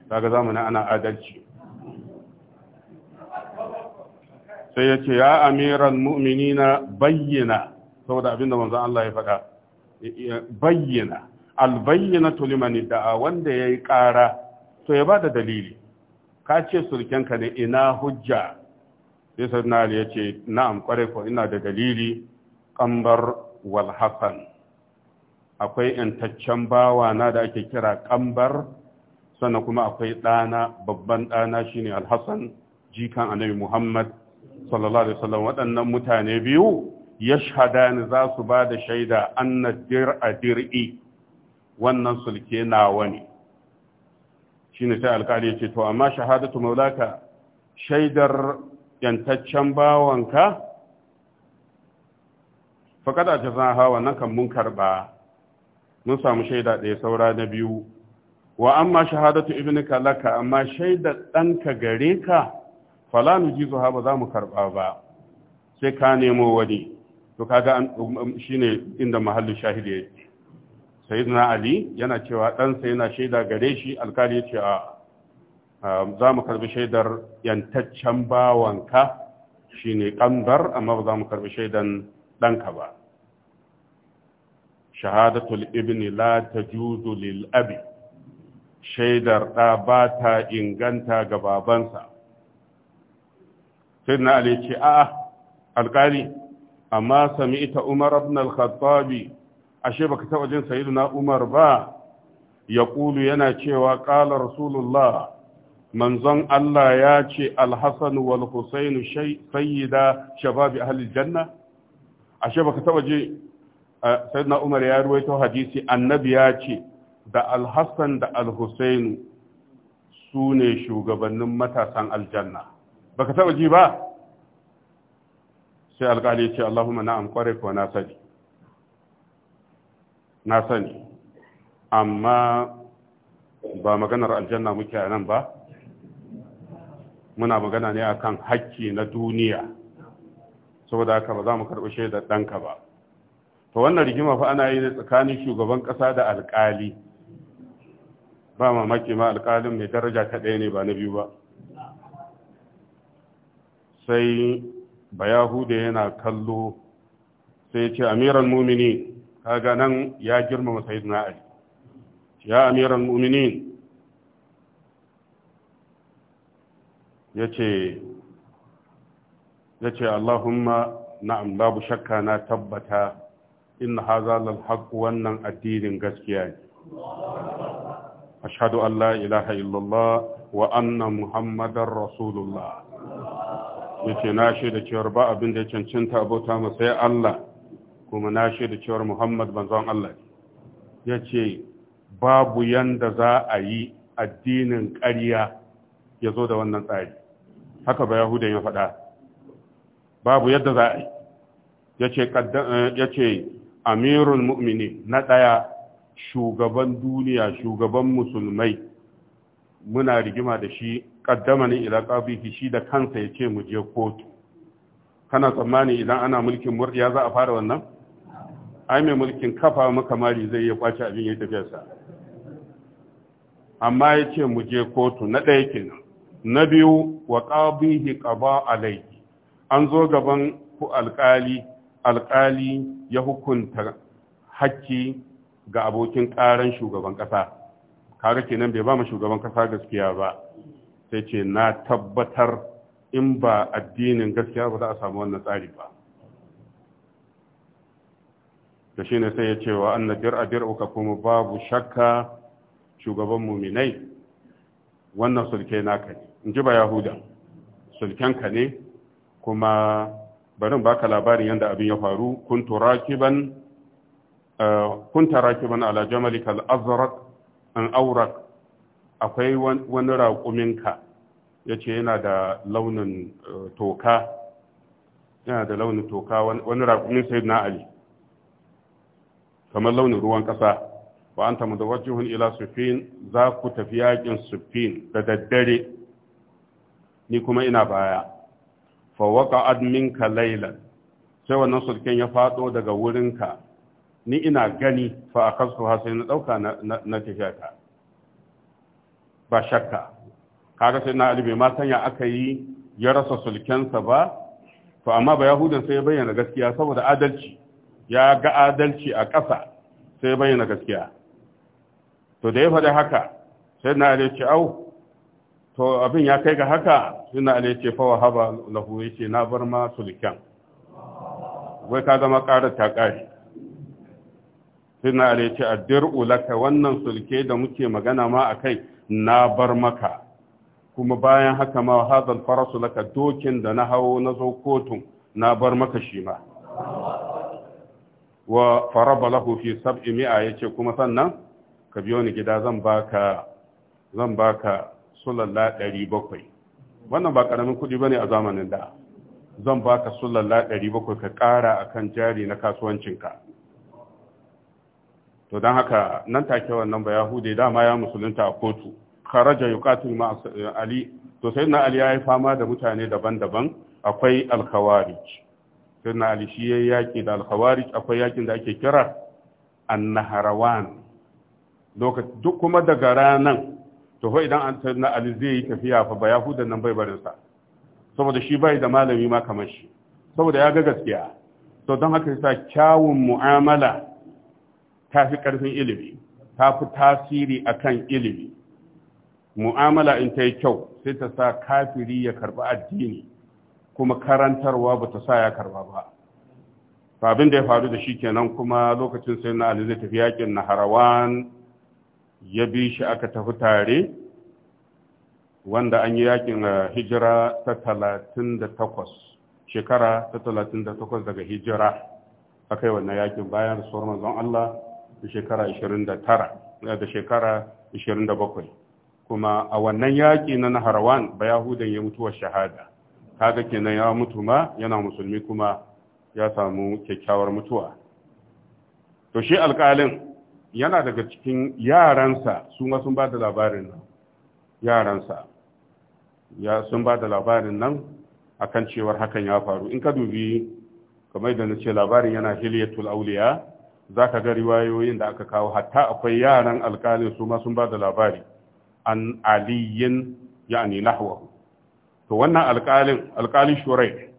Ta shugaban zamani ana adalci sai ya ce ya amiran mu'minina bayyana saboda abinda manzon Allah ya faɗa bayyana albayyanatu da a wanda yi ƙara to ya da dalili ka ce surkenka ne ina hujja sai sayyidina Ali ya ce na'am kwarai ko ina da dalili ƙambar Walhassan, akwai yantaccen bawa na da ake kira ƙambar sannan kuma akwai ɗana babban ɗana shine alhassan jikan annabi muhammad sallallahu alaihi wasallam waɗannan mutane biyu yashhadani za su ba da shaida anna a dir'i wannan sulke nawa ne shine sai alƙali ya ce to amma shahadatu maulaka shaidar yantaccen bawanka faƙad ta jazan hawa nan kan mun karɓa mun samu shaida ɗaya saura na biyu wa amma shahadatu ibn laka amma shaida ɗanka gare ka fala nujizu ha ba za mu karɓa ba sai ka nemo wani to kaga um, shine inda mahallin shahid ya sayyidina ali yana cewa ɗansa yana shaida gare shi alkali yace ce a um, za mu karbi shaidar yantaccen bawanka shine kandar amma ba za mu karbi shaidan ɗanka ba shahadatul ibni la tajudu lil abi shaidar ɗa ba ta inganta ga babansa sayyidina ali ce a alkali amma sami'ta Umar ibn al ashe baka taba jin na Umar ba kulu yana cewa qala rasulullah manzon Allah ya ce Alhassan hasan wal shababi sayyida shabab janna ashe baka taba ji na Umar ya ruwaito hadisi annabi ya ce da Alhassan da al sune su ne shugabannin matasan aljanna baka taba ji ba sai alƙali ya ce Allahumma na'am kware ko na sani na sani amma ba maganar aljanna muke a nan ba muna magana ne akan hakki na duniya saboda haka ba za mu karɓi shaidar ɗanka ba to wannan rigima fa ana yi ne tsakanin shugaban ƙasa da alƙali ba mamaki ma alƙalin mai daraja ta ɗaya ne ba na biyu ba sai Bayahude yana kallo sai ce amiran mumini kaga nan ya girmama sayyidina ali ya amiran muminin ya ce allahumma na'am babu shakka na tabbata Inna haza lal wannan addinin gaskiya ne ashhadu an la ilaha illallah wa anna muhammadar rasulullah yace na da cewar ba abin da ya cancanta abota masai sai Allah kuma na da cewar Muhammad banzon Allah Ya ce babu yanda za a yi addinin ƙarya ya zo da wannan tsari haka ba yahudan ya faɗa babu yadda za a yi ce eh, amirul mu'mini na ɗaya shugaban duniya shugaban musulmai muna rigima da shi kaddamani ila qabihi shi da kansa yace mu je kotu kana tsammani idan ana mulkin murdiya za a fara wannan ai mai mulkin kafa mari zai ya kwace abin ya tafiyarsa? sa amma yace mu je kotu na ɗaya kenan na biyu wa qabihi qaba alai an zo gaban ku alƙali alƙali ya hukunta hakki ga abokin ƙaran shugaban ƙasa kaga kenan bai ba mu shugaban ƙasa gaskiya ba sai ce na tabbatar in ba addinin gaskiya ba za a samu wannan tsari ba da shi ne sai ya cewa an na dir'a uka kuma babu shakka shugaban muminai wannan sulke ka ne in ji ba yahuda sulkenka ne kuma barin baka labarin yadda abin ya faru Kun tara kiban ala jamalika al an aurak. akwai wani raƙuminka ya ce yana da launin eh, toka yana da launin toka wani raƙumin sai na ali kamar launin ruwan ƙasa ba an tamu da wajihun ila sufin za ku tafi yakin sufin da daddare ni kuma ina baya fawaka adminka lailan sai wannan sulken ya fado daga wurinka ni ina gani fa a kasu sai na ɗauka na tafiya ta ba shakka kaga sai na ali bai ma sanya aka yi ya rasa sulkensa ba to amma ba yahudan sai ya bayyana gaskiya saboda adalci ya ga adalci a ƙasa sai ya bayyana gaskiya to da ya faɗi haka sai na ali ce au to abin ya kai ga haka sai na ali ce fa wahaba lahu yace na bar ma sulken wai ka zama ƙara ta ƙari sai na ali ce laka wannan sulke da muke magana ma a kai. na bar maka kuma bayan haka ma hadal farasu laka dokin da na hawo na zo kotun na bar maka shi ma wa faraba lahu fi sab'i mi'a yace kuma sannan ka biyo ni gida zan baka zan baka sulalla 700 wannan ba karamin kudi bane a zamanin da zan baka sulalla 700 ka kara akan jari na kasuwancinka to dan haka nan take wannan ba yahude dama ya musulunta a kotu kharaja yuqatil ma ali to na ali yayi fama da mutane daban-daban akwai al-khawarij na ali shi yayi yaki da al-khawarij akwai yakin da ake kira an-naharawan Lokaci duk kuma daga ranan to fa idan an na ali zai yi tafiya fa ba yahudan nan bai barin sa saboda shi bai da malami ma kamar shi saboda ya ga gaskiya to don haka yasa kyawun mu'amala ta fi karfin ilimi ta fi tasiri akan ilimi mu'amala in ta yi kyau sai ta sa kafiri ya karba addini kuma karantarwa ba ta sa ya karba ba abin da ya faru da shi kenan kuma lokacin sai na ali zai tafi yakin na harawan ya bi shi aka tafi tare wanda an yi yakin eh, hijira ta talatin shekara ta talatin daga hijira aka yi wannan yakin bayan rasuwar manzon Allah da shekara 29 eh, da shekara 27 kuma a wannan yaƙi na Naharawan ba Yahudan ya mutuwar shahada kaga kenan ya mutu ma yana musulmi kuma ya samu kyakkyawar mutuwa to shi alƙalin yana daga cikin yaransa su ma sun ba da labarin nan yaransa ya sun ba da labarin nan akan cewar hakan ya faru in ka dubi kamar da na ce labarin yana hiliyatul auliya za ka ga riwayoyin da aka kawo hatta akwai yaran alƙalin su ma sun ba da labari an aliyin yani nahwahu to wannan alƙalin alƙalin shurai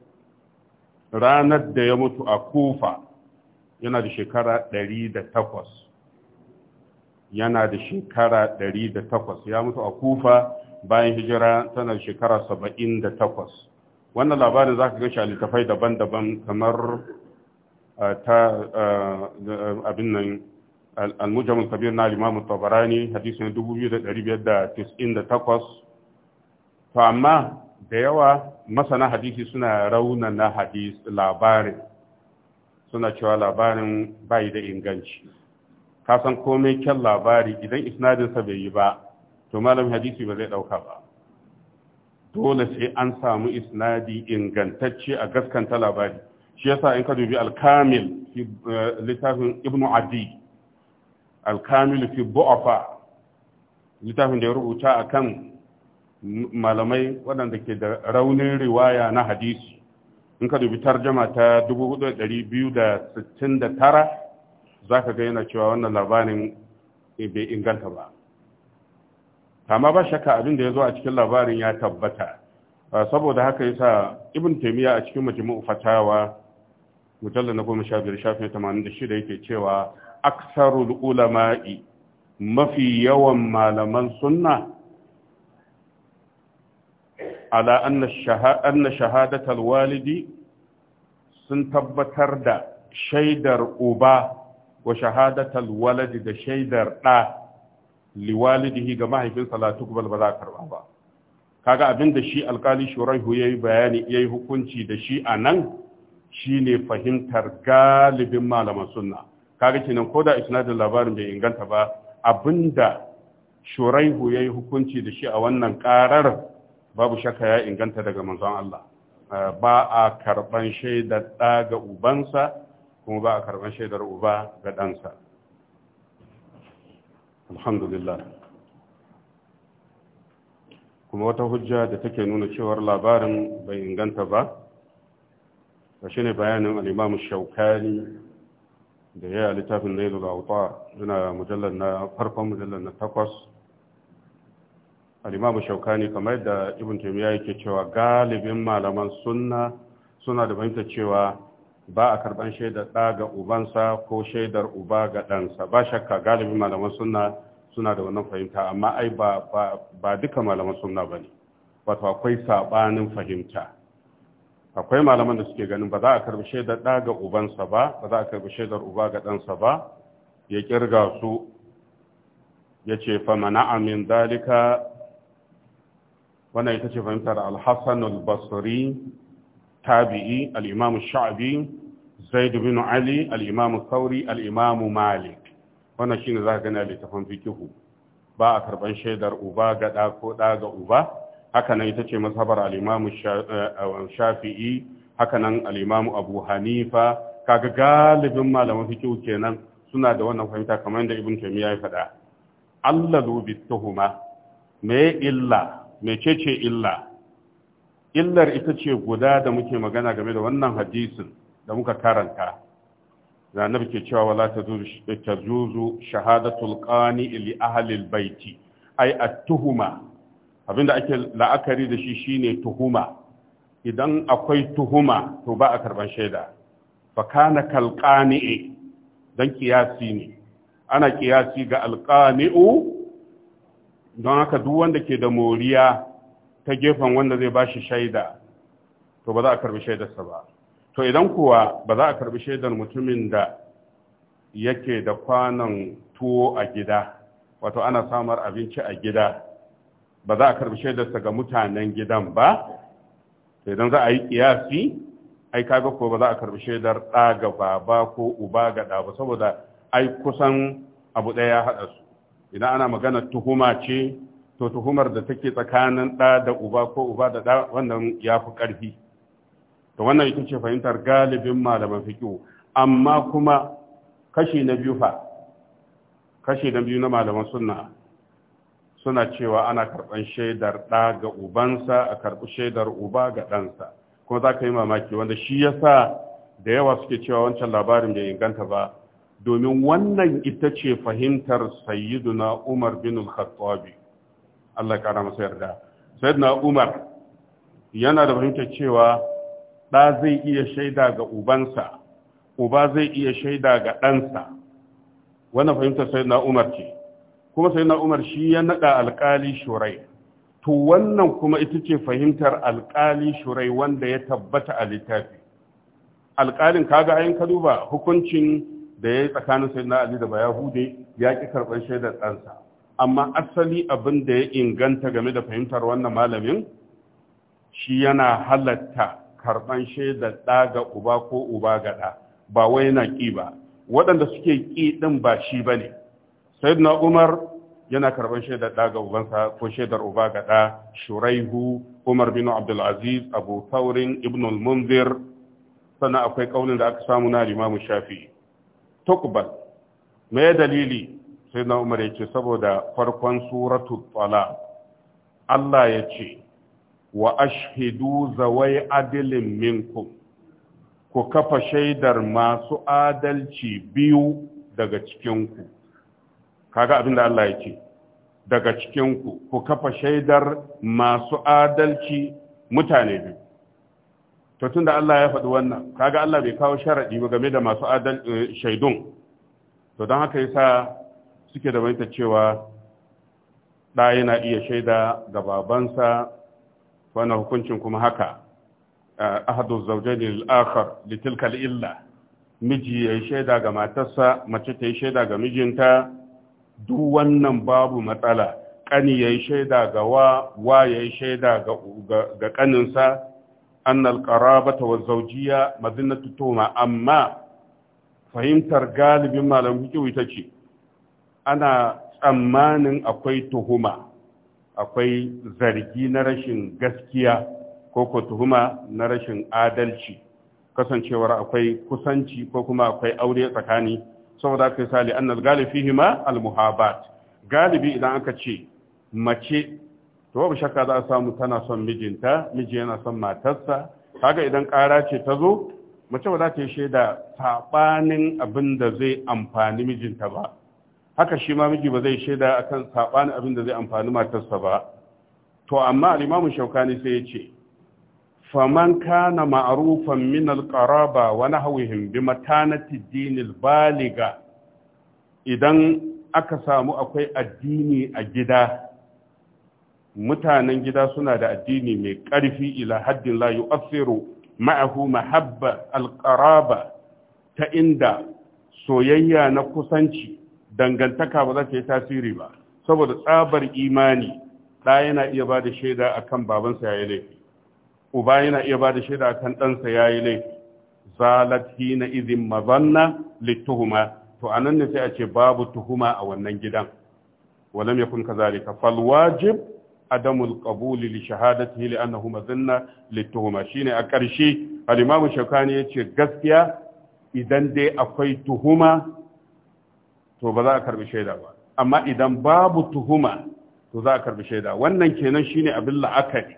ranar da ya mutu a kufa yana da shekara 108 yana da shekara 108 ya mutu a kufa bayan hijira tana da shekara 78 wannan labarin za ka gashi a littafai daban-daban kamar uh, ta uh, abin nan al-mujamul kabir na limamu tabarani hadisi na 2598 to amma da yawa masana hadisi suna raunana hadis labarin suna cewa labarin bai da inganci kasan komai kyan labari idan isnadinsa bai yi ba to malamin hadisi ba zai dauka ba dole sai an samu isnadi ingantacce a gaskanta labari shi yasa in ka dubi alkamil eh, littafin ibnu adi alkamil fi bu'afa littafin da ya rubuta akan malamai waɗanda ke da raunin riwaya na hadisi in ka dubi tarjama ta 4,269 za ka ga yana cewa wannan labarin eh, bai inganta ba kama ba shakka abin da ya zo a cikin labarin ya tabbata ah, saboda haka yasa ibn taimiyya a cikin majmu'u fatawa mujalla na goma sha biyar shafin tamanin da shida yake cewa aksarul ulama'i mafi yawan malaman sunna ala anna shahadatal walidi sun tabbatar da shaidar uba wa shahadatal waladi da shaidar ɗa liwalidihi ga mahaifinsa la baza ba a karɓa ba kaga abin da shi alkali shuraihu ya yi bayani hukunci da shi a nan shine fahimtar galibin malaman sunna kaga kenan ko da isnadin labarin bai inganta ba abinda shuraihu yayi hukunci da shi a wannan karar babu shakka ya inganta daga manzon Allah eh, ba a karban shaidar ɗa ga ubansa kuma ba a karban shaidar uba ga ɗansa alhamdulillah kuma wata hujja da take nuna cewar labarin bai inganta ba shi ne bayanin al'imamu shaukani da ya littafin lailu da auta yana mujallar na farkon mujallar na takwas alimamu shaukani kamar da ibn taimiyya yake cewa galibin malaman suna da fahimtar cewa ba a karban shaidar ɗa ga ubansa ko shaidar uba ga ɗansa ba shakka galibin malaman sunna suna da wannan fahimta amma ai ba duka malaman sunna ba ne wato akwai saɓanin fahimta akwai malaman da suke ganin ba za a karbi shaidar ɗa ga ubansa ba ba za a karbi shaidar uba ga ɗansa ba ya kirga su ya ce fa mana amin dalika wannan ita ce fahimtar al al-basri tabi'i al-imam sha'bi zaid bin ali al-imam sauri al-imam malik wannan shine za ka gani a littafin fikihu ba a karban shaidar uba ga ɗa ko ɗa ga uba hakanan ita ce mazhabar al eh, eh, shafi'i hakanan al-imamu abu hanifa kaga galibin malaman fiqh kenan suna da wannan fahimta kamar yadda ibn taymiya ya faɗa allalu bituhuma me illa mecece illa illar ita ce guda da muke magana game da wannan hadisin da muka karanta da ke cewa wala tazuzu shahadatul qani li ahli baiti ay at-tuhuma abinda ake la'akari da shi shine tuhuma idan akwai tuhuma to ba a karban shaida fa kana kalqani'i dan kiyasi ne ana kiyasi ga alqani'u don haka duk wanda ke da moriya ta gefen wanda zai bashi shaida to ba za a karbi shaidarsa ba to idan kuwa ba za a karbi shaidar mutumin da yake da kwanan tuwo a gida wato ana samar abinci a gida ba za a karbi shaidarsa ga mutanen gidan ba idan za a yi kiyasi ai kaga ko ba za a karbi shaidar ɗa ga baba ko uba ga ɗa saboda ai kusan abu ɗaya ya haɗa su idan ana magana tuhuma ce to tuhumar da take tsakanin ɗa da uba ko uba da ɗa wannan ya fi ƙarfi to wannan ita ce fahimtar galibin malaman fiƙo amma kuma kashi na biyu fa kashi na biyu na malaman sunna suna cewa ana karɓan shaidar ɗa ga ubansa a karɓi shaidar uba ga ɗansa kuma za ka yi mamaki wanda shi ya sa da yawa suke cewa wancan labarin bai inganta ba domin wannan ita ce fahimtar sayyiduna umar bin al-khattabi Allah kara masa yarda sayyiduna umar yana da fahimtar cewa ɗa zai iya shaida ga ubansa uba zai iya shaida ga ɗansa wannan fahimtar sayyiduna umar ce kuma sai na umar shi ya naɗa alkali shurai to wannan kuma ita ce fahimtar alkali shurai wanda ya tabbata a littafi alkalin kaga ayin ka duba hukuncin da ya yi tsakanin sai na ali da ba yahude ya ki karɓar shaidar ɗansa amma asali abin da ya inganta game da fahimtar wannan malamin shi yana halatta karɓar shaidar ɗa ga uba ko uba ga ɗa ba wai yana ƙi ba waɗanda suke ƙi ɗin ba shi ba ne sayyidina umar yana karban shaidar ɗa ga ubansa ko shaidar uba ga ɗa shuraihu umar bin abdul aziz abu taurin ibn al-munzir sannan akwai kaunin da aka samu na limamu shafi tukbal me dalili sai na umar ya ce saboda farkon suratul tsala Allah ya ce wa ashhidu zawai adilin minku ku kafa shaidar masu adalci biyu daga cikinku kaga abin da Allah ya ce daga cikinku ku kafa shaidar masu adalci mutane biyu to tunda Allah ya faɗi wannan kaga Allah bai kawo sharaɗi ba game da masu adal eh, shaidun to don haka yasa suke da bayyana cewa da yana iya shaida ga babansa wannan hukuncin kuma haka eh, ahadu zawjaini al-akhar li illa miji ya shaida ga matarsa mace ta yi shaida ga mijinta duk wannan babu matsala ƙani ya yi shaida ga wa wa ya yi shaida ga ƙaninsa annal ƙarabata wa zaujiya mazinatu toma amma fahimtar galibin malam hikiyu ita ce ana tsammanin akwai tuhuma akwai zargi na rashin gaskiya ko ko tuhuma na rashin adalci kasancewar akwai kusanci ko kuma akwai aure tsakani saboda aka sali an galibi fihi ma al muhabat galibi idan aka ce mace to babu shakka za a samu tana son mijinta miji yana son matarsa kaga idan kara ce ta zo mace ba za ta yi shaida saɓanin abin da zai amfani mijinta ba haka shi ma miji ba zai shaida akan saɓanin abin da zai amfani matarsa ba to amma al-imamu shaukani sai ya ce faman kana ma'rufan min alqaraba wa nahwihim bi matanati dinil baliga idan aka samu akwai addini a gida mutanen gida suna da addini mai ƙarfi ila haddin la yu'athiru ma'ahu mahabba alqaraba ta inda soyayya na kusanci dangantaka ba za ta yi tasiri ba saboda tsabar imani ɗa yana iya ba da shaida a kan babansa ya yi laifi uba yana iya ba da shaida kan ɗansa ya yi laifi na hina izin mazanna littuhuma. to a nan ne sai a ce babu tuhuma a wannan gidan walam yakun kazalika fal wajib adamul qabul li shahadatihi li annahu mazanna lituhuma shine a ƙarshe al-imam shakani yace gaskiya idan dai akwai tuhuma to ba za a karbi shaida ba amma idan babu tuhuma to za a karbi shaida wannan kenan shine abin la'akari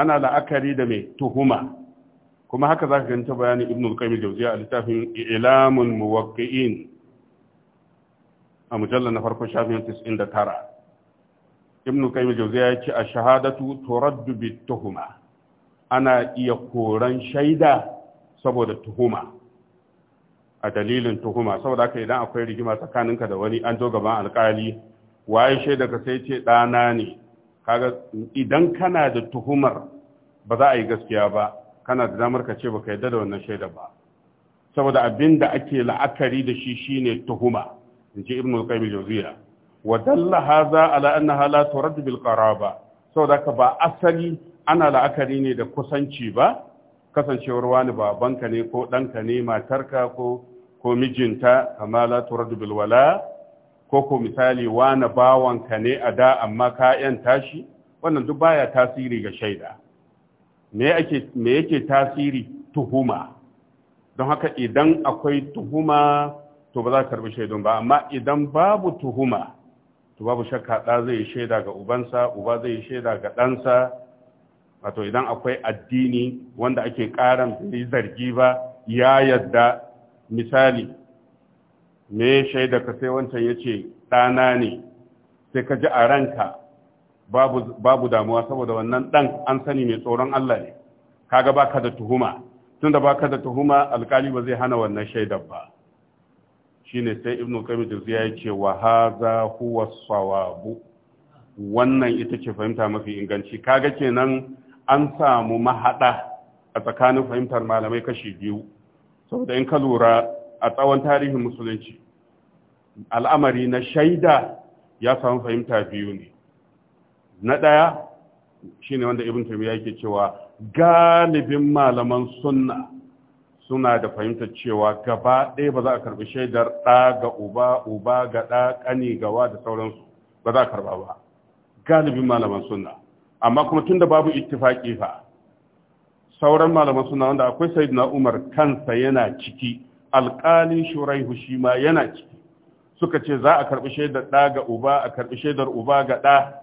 ana la'akari da mai tuhuma kuma haka za ka ganta bayanin ibn al-qayyim al-jawziya a littafin ilamun muwaqqi'in a mujallar na farko shafin 99 ibn al-qayyim al-jawziya ya ce ash-shahadatu turaddu bi tuhuma ana iya koran shaida saboda tuhuma a dalilin tuhuma saboda haka idan akwai rigima tsakaninka da wani an zo gaban alkali waye shaida ka sai ce ɗana ne kaga idan kana da tuhumar ba za a yi gaskiya ba kana da damar ka ce ka yadda da wannan shaida ba saboda abin da ake la'akari da shi shine tuhuma in ji ibnu qayyim jawziya wa dalla hadha ala annaha la turad bil qaraba saboda ka ba asali ana la'akari ne da kusanci ba kasancewar wani babanka ne ko ɗanka ne matarka ko ko mijinta kama la turad bil wala Koko misali, misali wani bawanka ne a da amma ka yan tashi? wannan duk baya tasiri ga shaida me yake tasiri tuhuma don haka idan akwai tuhuma to ba za karbi shaidun ba amma idan babu tuhuma to babu shakka ɗa zai yi shaida ga ubansa uba zai yi shaida ga ɗansa wato idan akwai addini wanda ake ƙaran bai zargi ba ya yadda misali me shaida ka sai wancan ya ce ɗana ne sai ka ji a ranka babu damuwa saboda wannan ɗan an sani mai tsoron Allah ne kaga baka da tuhuma tun da baka da tuhuma alkali ba zai hana wannan shaidar ba Shi ne sai ibnu kami jawziya ya ce wa hadha huwa sawabu wannan ita ce fahimta mafi inganci kaga kenan an samu mahaɗa a tsakanin fahimtar malamai kashi biyu saboda in ka lura a tsawon tarihin musulunci al'amari na shaida ya samu fahimta biyu ne na ɗaya ne wanda ibn taymiya yake cewa galibin malaman sunna suna da fahimtar cewa gaba ɗaya ba za a karɓi shaidar ɗa ga uba uba ga ɗa ƙani gawa da sauransu ba za a karɓa ba galibin malaman sunna amma kuma tunda babu ittifaƙi ba, sauran malaman suna wanda akwai sayyidina Umar kansa yana ciki alƙalin shuraihu shi ma yana ciki suka ce za a karɓi shaidar ɗa ga uba a karɓi shaidar uba ga ɗa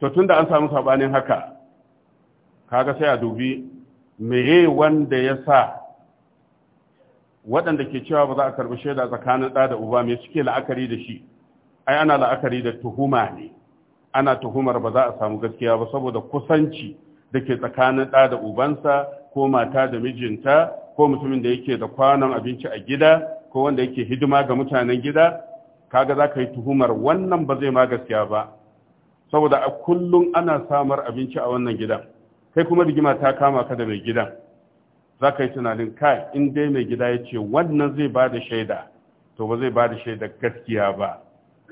to tun da an samu saɓanin haka kaga sai a dubi meye wanda ya sa waɗanda ke cewa ba za a karɓi shaida tsakanin ɗa da uba mai suke la'akari da shi ai ana la'akari da tuhuma ne ana tuhumar ba za a samu gaskiya ba saboda kusanci da ke tsakanin ɗa da ubansa ko mata da mijinta ko mutumin da yake da kwanon abinci a gida ko wanda yake hidima ga mutanen gida kaga za ka yi tuhumar wannan ba zai ma gaskiya ba saboda a kullum ana samar abinci a wannan gidan kai kuma rigima ta kama ka da mai gidan za ka yi tunanin kai in dai mai gida ya ce wannan zai ba da shaida to ba zai ba da shaida gaskiya ba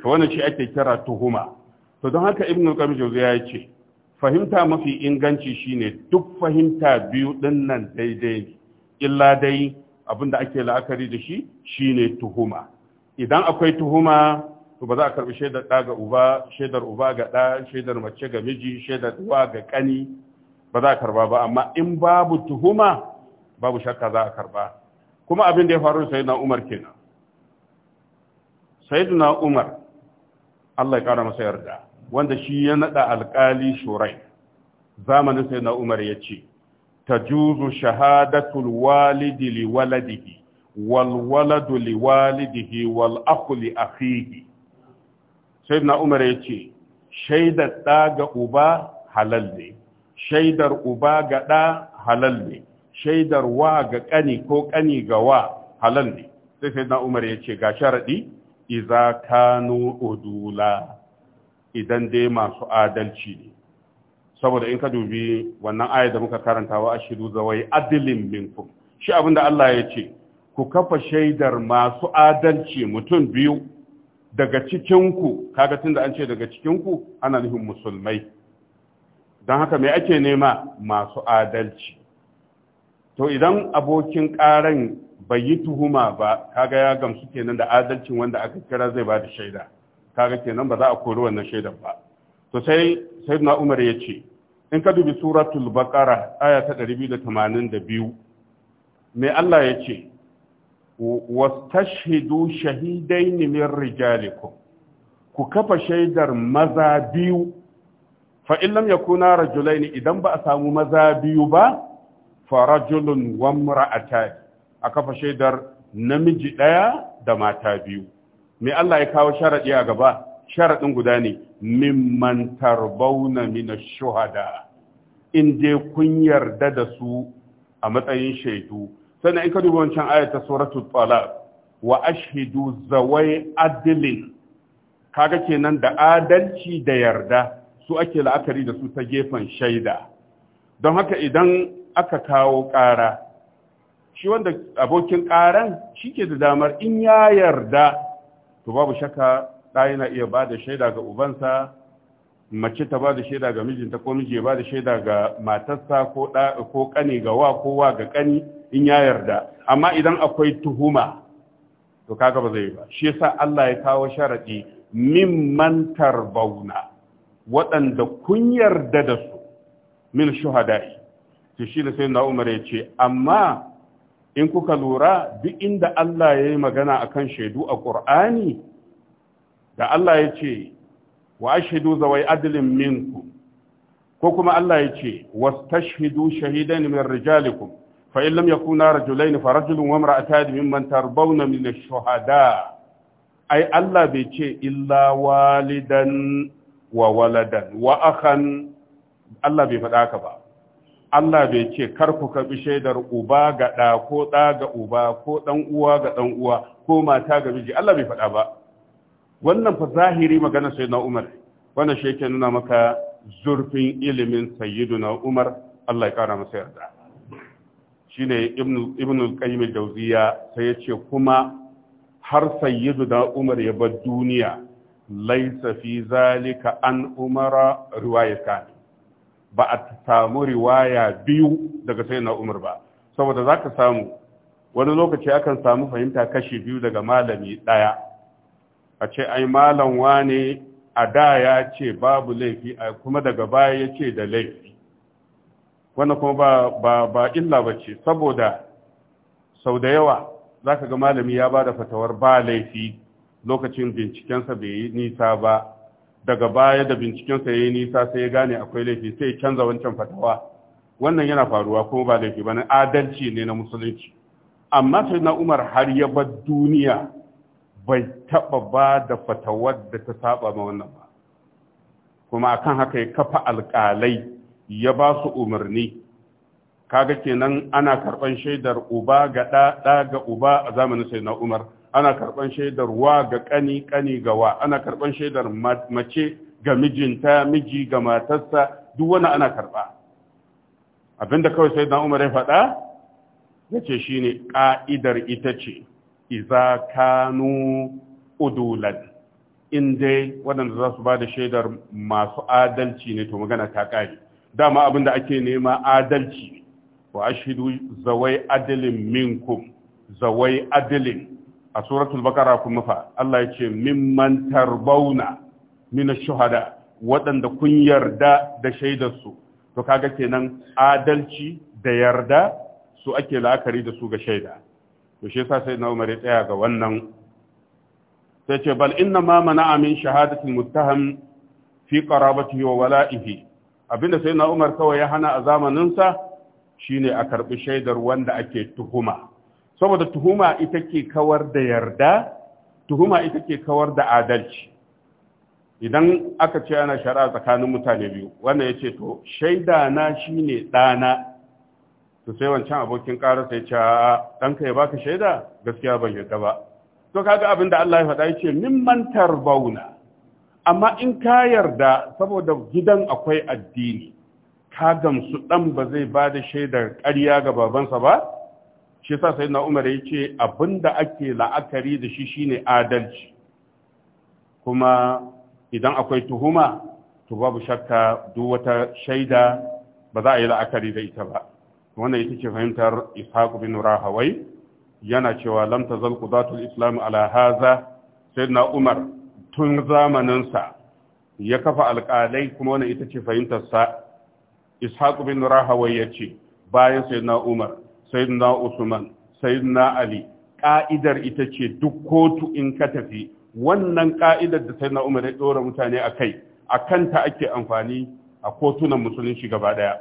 to wannan shi ake kira tuhuma to don haka ibnu qayyim jawziya ya ce fahimta mafi inganci shine duk fahimta biyu din nan daidai ne illa dai abin da ake la'akari da shi shine tuhuma idan akwai tuhuma to ba za a karbi shaidar ɗa ga uba shaidar uba ga ɗa shaidar mace ga miji shaidar uwa ga ƙani ba za a karba ba amma in babu tuhuma babu shakka za a karba kuma abin da ya faru sai na umar kenan sai na umar allah ya kara masa yarda wanda shi ya naɗa alƙali shurai zamanin sai na umar ya ce tajuzu shahadatul walidi li waladihi wal waladu li walidihi wal akhu li akhihi sayyidina umar yace shaidar ɗa ga uba halal ne shaidar uba ga ɗa, halal ne shaidar wa ga ƙani ko ƙani ga wa halal ne sai sayyidina umar yace ga sharadi iza kanu udula idan dai masu adalci ne saboda in ka dubi wannan ayat da muka karanta wa ashidu zawai adilin minkum shi abinda Allah ya ce ku kafa shaidar masu adalci mutum biyu daga cikinku kaga tunda an ce daga cikinku ana nufin musulmai don haka mai ake nema masu adalci to idan abokin ƙaran bai yi tuhuma ba kaga ya gamsu kenan da adalcin wanda aka kira zai ba da shaida kaga kenan ba za a kori wannan shaidar ba to sai sayyidina umar ya ce in ka dubi suratul baqara aya ta 282 me Allah ya ce wastashhidu shahidaini min rijalikum ku kafa shaidar maza biyu fa in lam yakuna rajulaini idan ba a samu maza biyu ba fa rajulun wa imra'atan a kafa shaidar namiji daya da mata biyu me Allah ya kawo sharadi a gaba sharadin guda ne mimman tarbauna min shuhada in dai kun yarda da su a matsayin shaidu sannan in ka duba wancan ayata suratul talaq wa ashhidu zawai adlin kaga kenan da adalci da yarda su ake la'akari da su ta gefen shaida don haka idan aka kawo ƙara shi wanda abokin ƙaran shi ke da damar in ya yarda to babu shakka. ɗa yana iya ba da shaida ga ubansa mace ta ba da shaida ga mijinta ko miji ya ba da shaida ga matarsa ko ko kani ga wa ko wa ga kani in ya yarda amma idan akwai tuhuma to kaga ba zai yi ba shi yasa Allah ya kawo sharadi mantar bauna waɗanda kun yarda da su min shuhada'i to shi ne sai na Umar ya ce amma in kuka lura duk inda Allah ya yi magana akan shaidu a Qur'ani da Allah ya ce wa zawai adlin minku ko kuma Allah ya ce wastashhidu shahidan min rijalikum fa in lam yakuna rajulain fa rajulun wa imra'atan mimman tarbawna min ash-shuhada ai Allah bai ce illa walidan wa waladan wa akhan Allah bai faɗa haka ba Allah bai ce kar ku karɓi shaidar uba ga ɗa ko ɗa ga uba ko ɗan uwa ga ɗan uwa ko mata ga miji Allah bai faɗa ba wannan fa zahiri magana sai na umar wannan shi yake nuna maka zurfin ilimin sayyiduna umar Allah ya kara masa yarda shine ibnu ibnu qayyim al-jawziya sai yace kuma har sayyiduna umar ya bar duniya laisa fi zalika an umara riwayata ba a samu riwaya biyu daga sayyiduna umar ba saboda zaka samu wani lokaci akan samu fahimta kashi biyu daga malami daya a ce ai malam wane a da ya ce babu laifi a kuma daga baya ya ce da laifi wannan kuma ba ba ba illa bace saboda sau da yawa zaka ga malami ya ba da fatawar ba laifi lokacin bincikensa bai yi nisa ba daga baya da bincikensa ya yi nisa sai ya gane akwai laifi sai ya canza wancan fatawa wannan yana faruwa kuma ba laifi ba adalci ne na musulunci amma sai na umar har ya bar duniya bai taɓa ba da fatawar da ta saba ma wannan ba kuma akan haka ya kafa alƙalai ya ba su umarni kaga kenan ana karɓan shaidar uba ga ɗa ga uba a zamanin sai na umar ana karɓan shaidar wa ga ƙani ƙani ga wa ana karɓan shaidar mace ga mijinta miji ga matarsa duk wani ana karɓa abinda kawai sai na umar ya faɗa ya ce shine ƙa'idar ita ce iza kanu udulan in dai waɗanda za su ba da shaidar masu adalci ne to magana ta ƙare dama abin da ake nema adalci ne wa ashidu zawai adalin minkum zawai adalin a suratul bakara kuma fa Allah ya ce mimman tarbauna min shuhada waɗanda kun yarda da shaidarsu to kaga kenan adalci da yarda su ake la'akari da su ga shaida to shi yasa sai na umar ya tsaya ga wannan sai ce bal inna ma mana'a min shahadatil muttaham fi qarabatihi wa wala'ihi abinda sai na umar kawai ya hana a zamanin sa shine a karbi shaidar wanda ake tuhuma saboda tuhuma ita ke kawar da yarda tuhuma ita ke kawar da adalci idan aka ce ana shari'a tsakanin mutane biyu wannan ya ce to shaida na shine ɗana to sai wancan abokin ƙara sai ce ɗanka ya baka shaida gaskiya ban yarda ba to kaga abin da Allah ya faɗa yace mantar bauna. amma in ka yarda saboda gidan akwai addini ka gamsu ɗan ba zai ba da shaidar ƙarya ga babansa ba shi sa sai na Umar yace abin da ake la'akari da shi shine adalci kuma idan akwai tuhuma to babu shakka duk wata shaida ba za a yi la'akari da ita ba wannan ita ce fahimtar ishaq bin rahawai yana cewa lam tazal qudatul islam ala haza sayyidina umar tun zamanin sa ya kafa alƙalai kuma wannan ita ce fahimtar sa ishaq bin rahawai yace bayan sayyidina umar sayyidina usman sayyidina ali ka'idar ita ce duk kotu in ka tafi wannan ka'idar da sayyidina umar ya dora mutane akai akanta ake amfani a kotunan musulunci gaba daya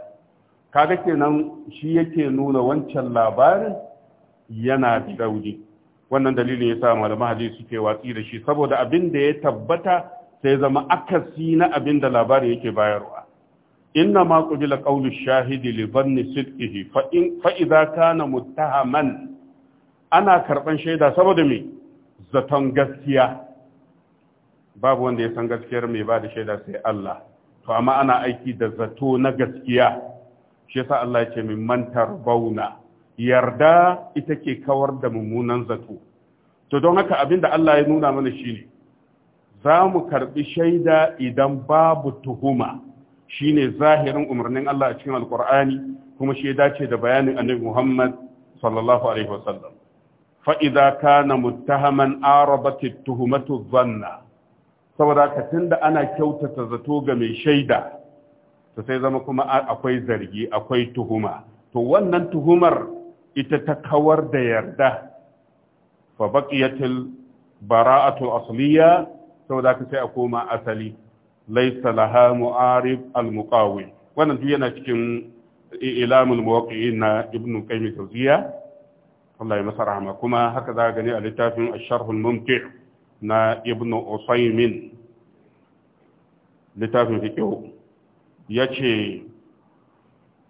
kaga kenan shi yake nuna wancan labarin yana da rauni wannan dalilin yasa malama hadisi suke watsi da shi saboda abin da ya tabbata sai zama akasi na abin da labarin yake bayarwa inna ma qubila qawlu shahidi li banni sidqihi fa in fa idza kana muttahaman ana karban shaida saboda me zaton gaskiya babu wanda ya san gaskiyar mai ba da shaida sai Allah to amma ana aiki da zato na gaskiya shi yasa Allah ya ce min mantar bauna yarda ita ke kawar da mummunan zato to don haka abin da Allah ya nuna mana shine za mu karbi shaida idan babu tuhuma shine zahirin umarnin Allah a cikin alkur'ani kuma shaida ce da bayanin annabi Muhammad sallallahu alaihi wasallam fa idza kana muttahaman arabat tuhumatu dhanna saboda ka tunda ana kyautata zato ga mai shaida to sai zama kuma akwai zargi akwai tuhuma to wannan tuhumar ita ta kawar da yarda fa baqiyatil bara'atul asliya saboda ka sai a koma asali laysa laha mu'arib al muqawi wannan duk yana cikin ilamul muwaqqi'in na ibn qayyim tawziya Allah ya masa rahama kuma haka za gani a littafin ash-sharh al-mumti' na ibn usaymin littafin fiqh ya ce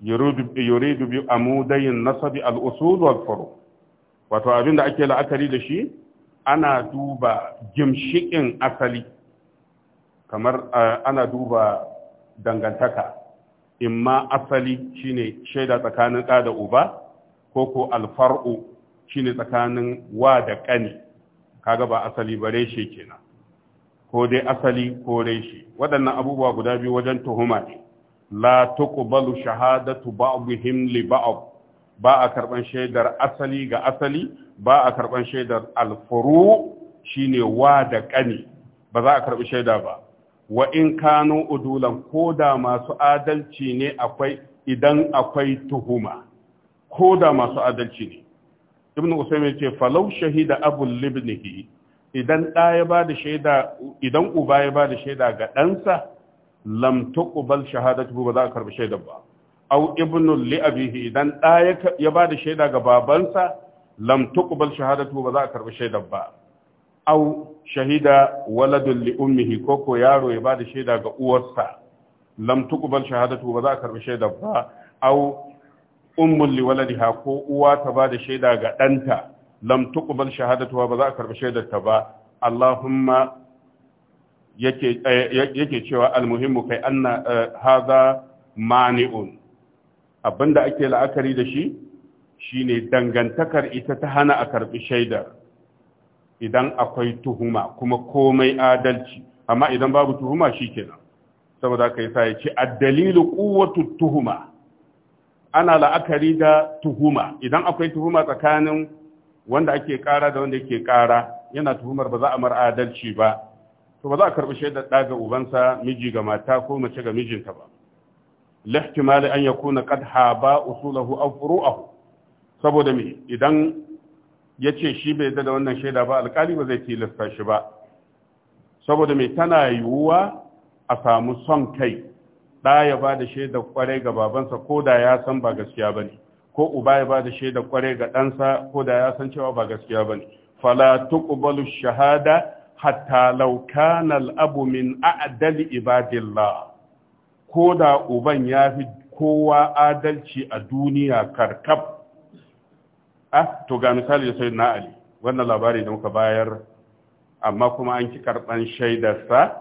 yuridu bi amudayin nasabi al'usul wal furu wato abin da ake la'akari da shi ana duba jimshikin asali kamar ana duba dangantaka imma asali shine shaida tsakanin ɗa da uba ko ko alfar'u shine tsakanin wa da ƙani kaga ba asali ba reshe kenan ko dai asali ko reshe waɗannan abubuwa guda biyu wajen tuhuma ne la tuqbalu shahadatu ba'dihim li ba'd ba karban shaidar asali ga asali ba a karban shaidar alfuru shine wa da ƙani. ba za a karbi shaida ba wa in kanu udulan koda masu adalci ne akwai idan akwai tuhuma koda masu adalci ne Ibn usaymin ce falau shahida abul libnihi idan ɗa ba da shaida idan uba ya ba da shaida ga ɗansa lam tuqbal shahadatuhu ba za a karbi shaidar ba aw ibnu li abihi idan da ya bada shaida ga babansa lam tuqbal shahadatuhu ba za a karbi shaidar ba aw shahida waladun li ummihi koko yaro ya bada shaida ga uwarsa lam tuqbal shahadatuhu ba za a karbi shaidar ba aw ummul li waladiha ko uwa ta bada shaida ga danta lam tuqbal shahadatuhu ba za a karbi shaidar ta ba allahumma Eh, yake cewa almuhimmu kai anna eh, haza mani'un abinda ake la'akari da shi shine dangantakar ita ta hana a karbi shaidar idan akwai tuhuma kuma komai adalci amma idan babu tuhuma shikenan saboda kai sai ce ad-dalilu quwwatu tuhuma ana la'akari da tuhuma idan akwai tuhuma tsakanin wanda ake kara da wanda yake kara yana tuhumar ba za a mar adalci ba to ba za a karbi shaidar ɗa ga ubansa miji ga mata ko mace ga mijinta ba lihtimali an yakuna kad haba usulahu aw furu'ahu saboda me idan yace shi bai da wannan shaida ba alkali ba zai tilasta shi ba saboda me tana yiwuwa a samu son kai ɗa ya ba da shaidar kwarai ga babansa ko da ya san ba gaskiya ba ko uba ya ba da shaidar kwarai ga ɗansa ko da ya san cewa ba gaskiya ba ne fala tuqbalu shahada hatta laukana abu min adali ibadillah ko da uban ya fi kowa adalci a duniya karkab ah to ga misali da sai na ali wannan labari da muka bayar amma kuma an ki karɓan shaidarsa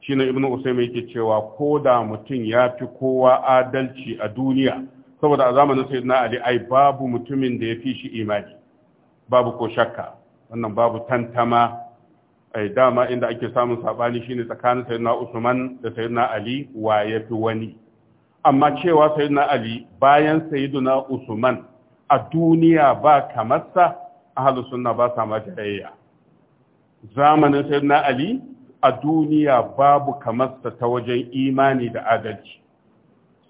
shi ne ibn usaimi yake cewa ko da mutum ya fi kowa adalci a duniya saboda a zamanin sai na ali ai babu mutumin da ya fi shi imani babu ko shakka wannan babu tantama ai dama inda ake samun sabani shine tsakanin sayyidina Usman da sayyidina Ali wa yafi wani amma cewa sayyidina Ali bayan sayyidina Usman a duniya ba kamarsa ahlus sunna ba sa rayya zamanin sayyidina Ali a duniya babu kamarsa ta wajen imani da adalci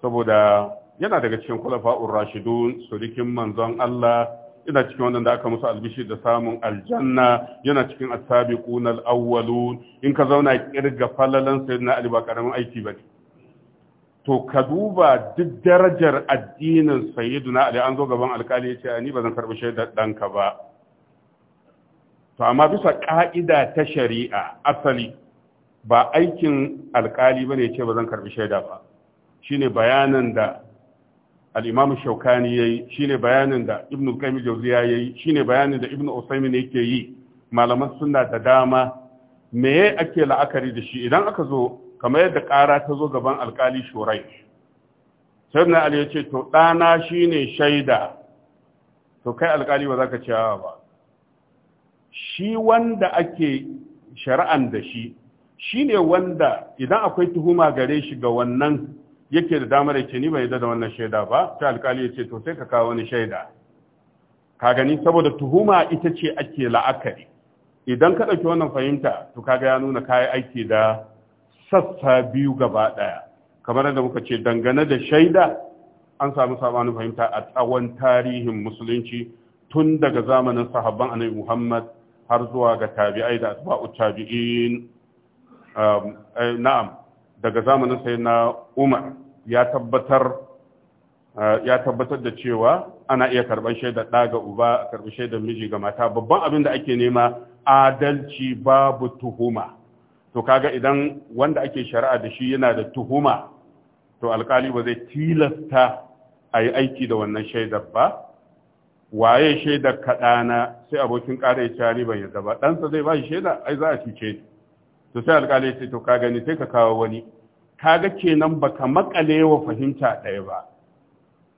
saboda yana daga cikin kulafa'ur rashidun surikin manzon Allah ina cikin wanda aka musu albishi da samun aljanna yana cikin asabiqun alawwalun in ka zauna kirga falalan sai ali ba karamin aiki ba to ka duba duk darajar addinin sayyiduna ali an zo gaban alkali ya ce ni ba zan karbi shaidar danka ba to amma bisa ka'ida ta shari'a asali ba aikin alkali bane ya ce ba zan karbi shaida ba shine bayanan da Al'imamin imam shaukani yayi shine bayanin da ibn ya yi, yayi shine bayanin da ibn ne yake yi malaman sunna da dama Me ya ake la'akari da shi idan aka zo kamar yadda ƙara ta zo gaban alkali shurai sayyidina ali yace to shi shine shaida to kai alkali ba za ka ciyawa ba shi wanda ake shari'an da shi ne wanda idan akwai tuhuma gare shi ga wannan yake da damar yake ni bai da wannan shaida ba Ta alkali yace to sai ka kawo wani shaida ka gani saboda tuhuma ita ce ake la'akari idan ka ɗauki wannan fahimta to kaga ya nuna kai aiki da sassa biyu gaba ɗaya kamar yadda muka ce dangane da shaida an samu sabanin fahimta a tsawon tarihin musulunci tun daga zamanin sahabban annabi Muhammad har zuwa ga tabi'ai da asba'u tabi'in eh, na'am daga zamanin sai na umar ya tabbatar eh, ya tabbatar da cewa ana iya karɓar shaidar ɗa ga uba a karɓi shaidar miji ga mata babban abin da ake nema adalci babu tuhuma to kaga idan wanda ake shari'a da shi yana da tuhuma to alkali ba zai tilasta a yi aiki da wannan shaidar ba waye shaidar kaɗana sai abokin ƙara ya ci ban yadda ba ɗansa zai ba shi shaida ai za a cuce ni to sai alƙali sai to ka gani sai ka kawo wani kaga kenan baka makale wa fahimta ɗaya ba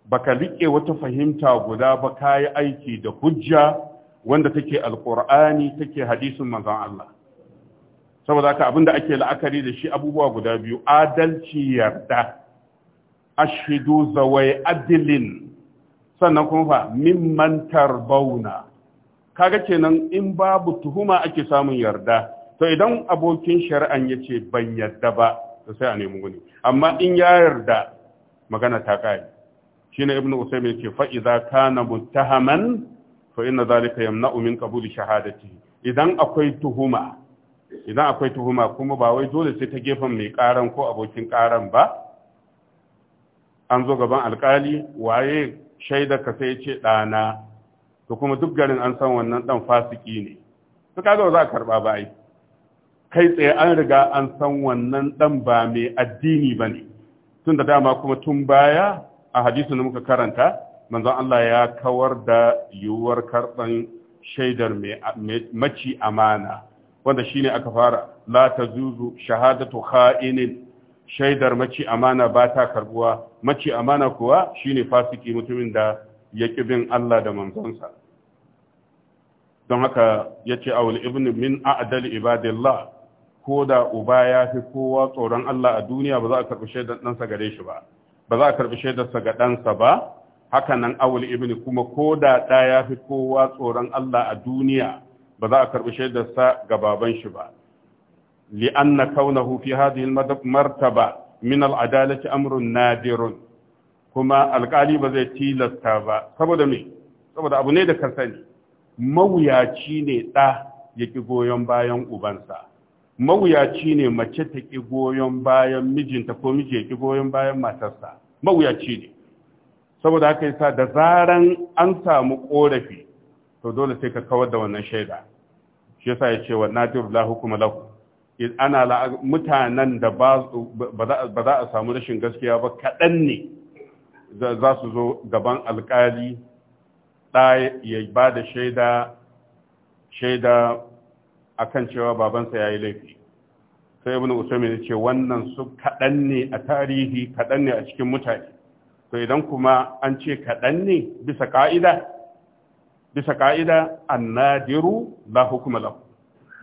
baka riƙe wata fahimta guda ba kayi aiki da hujja wanda take alƙur'ani take hadisin manzon Allah saboda haka abinda ake la'akari da shi abubuwa guda biyu adalci yarda ashidu zawai adlin sannan kuma fa mimman tarbauna kaga kenan in babu tuhuma ake samun yarda to idan abokin shari'an ya ce ban yadda ba to sai a nemi guni. amma in ya da magana ta ƙare shine ibnu usaym yace fa idza kana muttahaman fa inna zalika yamna'u min qabuli shahadati idan akwai tuhuma idan akwai tuhuma kuma ba wai dole sai ta gefen mai karan ko abokin karan ba an zo gaban alkali waye shaida ka sai ce ɗana to kuma duk garin an san wannan ɗan fasiki ne su kaga za a karɓa ba aiki kai tsaye an riga an san wannan dan ba mai addini ba ne tun da dama kuma tun baya a hadisi da muka karanta manzon Allah ya kawar da yiwuwar karɓan shaidar maci amana wanda shine aka fara la tazuzu shahadatu kha'inin shaidar maci amana ba ta karbuwa maci amana kuwa shine fasiki mutumin da ya kibin Allah da manzonsa don haka yace ce awul ibn min a'dal ibadillah ko da uba ya fi kowa tsoron Allah a duniya ba za a karɓi shaidar ɗansa gare shi ba ba za a karɓi shaidarsa ga ɗansa ba haka nan awul ibn kuma ko da ɗa ya fi kowa tsoron Allah a duniya ba za a karɓi shaidarsa ga baban shi ba li'anna kaunahu fi hadhihi martaba min al'adalati amrun nadirun kuma alƙali ba zai tilasta ba saboda me saboda abu ne da ka sani mawuyaci ne ɗa ya ki goyon bayan ubansa mawuyaci ne mace ta ƙi goyon bayan mijinta ko mijin ya ƙi goyon bayan matarsa mawuyaci ne saboda haka sa, da zaran an samu ƙorafi to dole sai ka kawar da wannan shaida shi yasa ya ce wa nadiru la hukuma lahu ana mutanen da ba za a samu rashin gaskiya ba kaɗan ne za su zo gaban alƙali ɗaya ya ba da shaida shaida akan cewa babansa ya yi laifi sai ibn Usman ya ce wannan su kaɗan ne a tarihi kaɗan ne a cikin mutane to idan kuma an ce kaɗan ne bisa ƙa'ida bisa ƙa'ida annadiru la hukuma lahu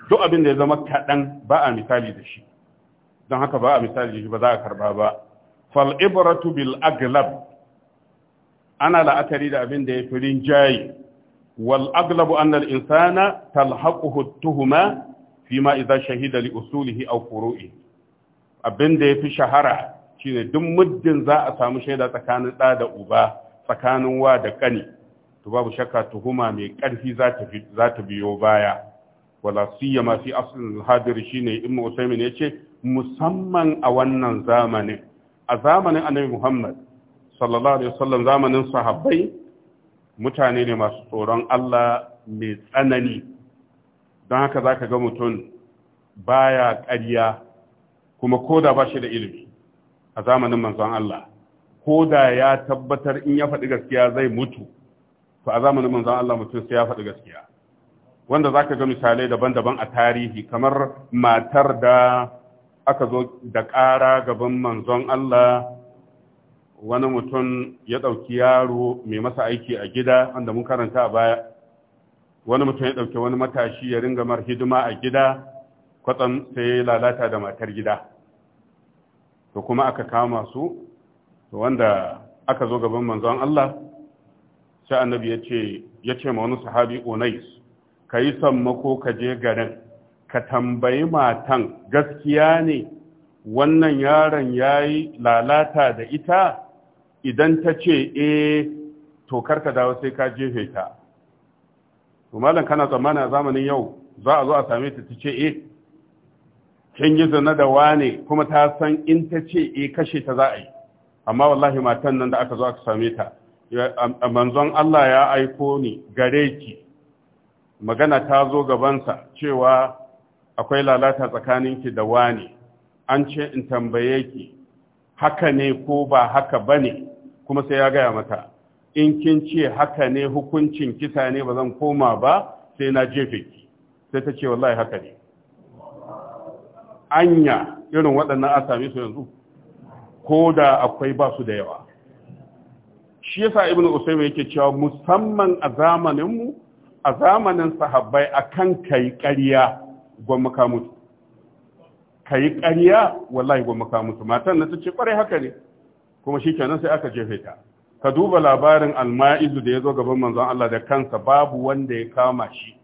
duk abin da ya zama kaɗan ba a misali da shi don haka ba a misali da shi ba za a karba ba fal ibratu bil aglab ana la'akari da abin da ya fi rinjaye wal aglabu anna al insana talhaquhu tuhuma fima idza shahida li usulihi aw ya fi shahara shine duk muddin za a samu shaida tsakanin ɗa da uba tsakanin wa da kani to babu shakka tuhuma mai karfi za ta biyo baya wala siyama fi aslin hadir shine ibnu ya ce musamman a wannan zamanin a zamanin annabi muhammad sallallahu alaihi wasallam zamanin sahabbai mutane ne masu tsoron Allah mai tsanani don haka za ka ga mutum baya ƙarya kuma ko da ba shi da ilimi a zamanin manzon Allah ko da ya tabbatar in ya faɗi gaskiya zai mutu to a zamanin manzon Allah mutum sai ya faɗi gaskiya wanda za ka ga misalai daban-daban a tarihi kamar matar da aka zo da ƙara gaban manzon Allah wani mutum ya ɗauki yaro mai masa aiki a gida wanda mun karanta a baya wani mutum ya ɗauki wani matashi ya ringa mar hidima a gida kwatsam sai ya lalata da matar gida to kuma aka kama su wanda aka zo gaban manzon Allah sai annabi ya ce ya ce ma wani sahabi onais ka yi sammako ka je garin ka tambayi matan gaskiya ne wannan yaron ya yi lalata da ita idan ta ce e to karka dawo sai ka jefe ta to malam kana tsammana zamanin yau za a zo a same ta ta ce e? kin yi zana da wane kuma ta san in ta ce e kashe ta za a yi amma wallahi matan nan da aka zo aka same ta manzon Allah ya aiko ni gare ki magana ta zo gabansa cewa akwai lalata tsakaninki da wane an ce in tambaye ki haka ne ko ba haka ba ne kuma sai ya gaya mata in kin ce haka ne hukuncin kisa ne ba zan koma ba sai na jefe ki sai ta ce wallahi haka ne anya irin waɗannan a same su yanzu ko da akwai ba su da yawa shi yasa ibn usaimu yake cewa musamman a zamaninmu a zamanin sahabbai akan kai ƙarya gwamma mutu ka yi ƙarya wallahi ba maka mutu matan na ta ce ƙwarai haka ne kuma shi kenan sai aka jefe ta ka duba labarin alma'izu da ya zo gaban manzon Allah da kansa babu wanda ya kama shi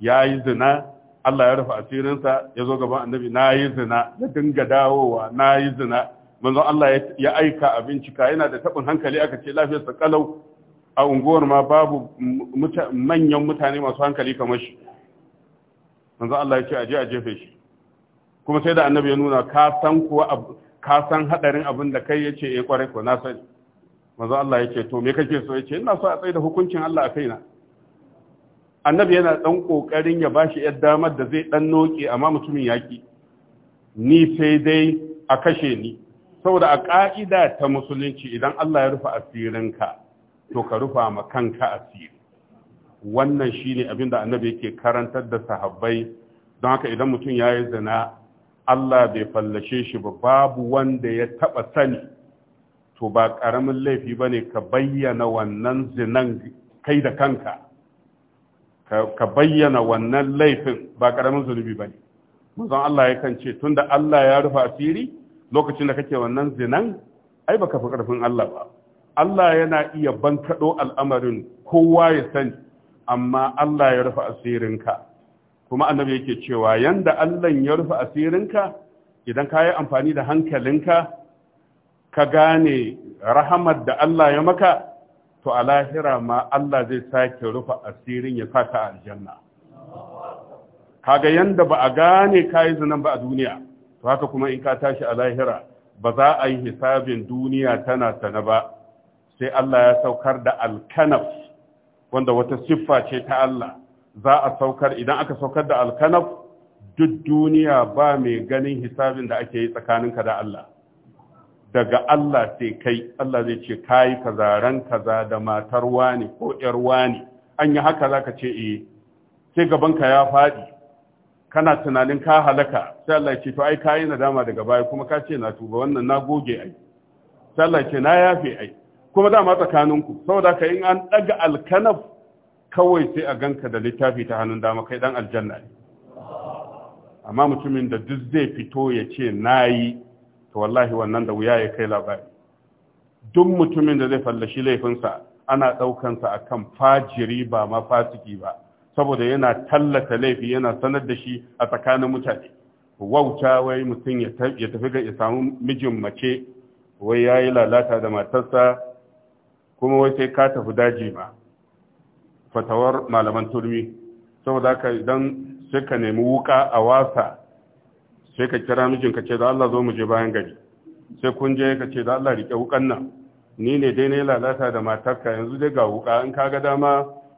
ya yi zina Allah ya rufe asirinsa ya zo gaban annabi na yi zina ya dinga dawowa na yi zina manzon Allah ya aika a bincika yana da tabin hankali aka ce lafiyarsa kalau a unguwar ma babu manyan mutane masu hankali kamar shi manzon Allah ya ce aje a jefe shi kuma sai da annabi ya nuna ka san kuwa ka san hadarin abin da kai yace eh kwarai ko na sani manzo Allah yake to me kake so yace ina so a tsaye da hukuncin Allah a kaina annabi yana dan kokarin ya bashi yar damar da zai dan noke amma mutumin yaki ni sai dai a kashe ni saboda a ka'ida ta musulunci idan Allah ya rufa asirinka to ka rufa ma kanka asiri wannan shine abin da annabi yake karantar da sahabbai don haka idan mutum ya yi zina Allah bai fallashe shi ba babu wanda ya taɓa sani to ba ƙaramin laifi ba ne ka bayyana wannan zinan kai da kanka ka bayyana wannan laifin ba ƙaramin zunubi ba ne Allah yakan ce tunda Allah ya rufa asiri lokacin da kake wannan zinan ai baka fi ƙarfin Allah ba Allah yana iya bankaɗo al'amarin kowa ya sani amma Allah ya rufa asirinka kuma annabi yake cewa yanda Allah ya rufe asirinka idan ka yi amfani da hankalinka ka gane rahamar da Allah ya maka to a lahira ma Allah zai sake rufe asirin ya sa ka aljanna kaga yanda ba a gane kayi zunan ba a duniya to haka kuma in ka tashi a lahira ba za a yi hisabin duniya tana sana ba sai Allah ya saukar da alkanaf wanda wata siffa ce ta Allah za a saukar idan aka saukar da alkanaf duk duniya ba mai ganin hisabin da ake yi tsakaninka da Allah daga Allah sai kai Allah zai ce kai kaza ran kaza da matar wani ko yar wani an yi haka zaka ce eh sai gabanka ya fadi kana tunanin ka halaka sai Allah ya ce to ai kai nadama daga baya kuma ka ce na tuba wannan na goge ai sai Allah ya ce na yafe ai kuma dama tsakaninku saboda ka in an daga alkanaf kawai sai a ganka da littafi ta hannun dama kai dan aljanna ne amma mutumin da duk zai fito ya ce na yi, to wallahi wannan da wuya ya kai labari duk mutumin da zai fallashi laifinsa ana ɗaukansa a kan fajiri ba ma fasiki ba saboda yana tallata laifi yana sanar da shi a tsakanin mutane wauta wai mutum ya tafi ga ya samu mijin mace wai ya yi lalata da matarsa kuma wai sai ka tafi daji ma fatawar malaman turmi saboda haka idan sai ka nemi wuka a wasa sai ka kira mijin ka ce da Allah zo mu je bayan gari sai kun je ka ce da Allah rike wukan nan ni ne dai ne lalata da matarka yanzu dai ga wuka in ka ga dama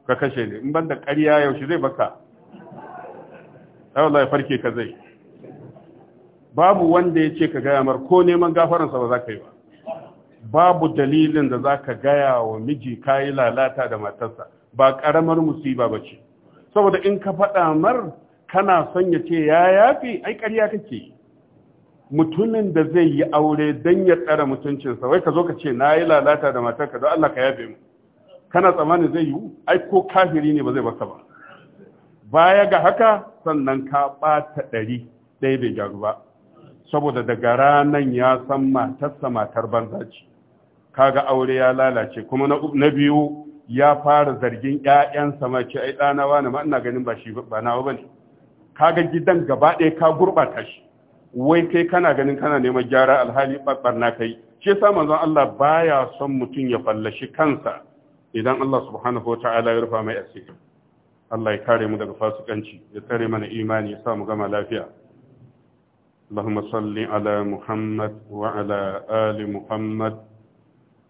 ka kashe ni in banda ƙarya yaushe zai baka Allah ya farke ka zai babu wanda ya ce ka gaya mar ko neman gafaransa ba za ka yi ba babu dalilin da za ka gaya wa miji yi lalata da matarsa ba karamar musiba ba ce saboda in ka faɗa mar kana son ya ce ya yafi ai ƙarya kake mutumin da zai yi aure don ya tsara mutuncinsa wai ka zo ka ce na yi lalata da matarka don Allah ka yafe mu kana tsammani zai yi ai ko kafiri ne ba zai baka ba baya ga haka sannan ka ɓata ɗari ɗaya bai gyaru ba saboda daga ranar ya san matarsa matar banza ce ga aure ya lalace kuma na biyu ya fara zargin 'ya'yansa mace ai ɗana wani ma ganin ba shi ba nawa bane kaga gidan gaba ɗaya ka gurɓata shi wai kai kana ganin kana neman gyara alhali na kai shi yasa manzon Allah baya son mutum ya fallashi kansa idan Allah subhanahu wataala ya rufa mai Allah ya kare mu daga fasikanci ya tsare mana imani ya sa mu gama lafiya اللهم صل على محمد وعلى آل محمد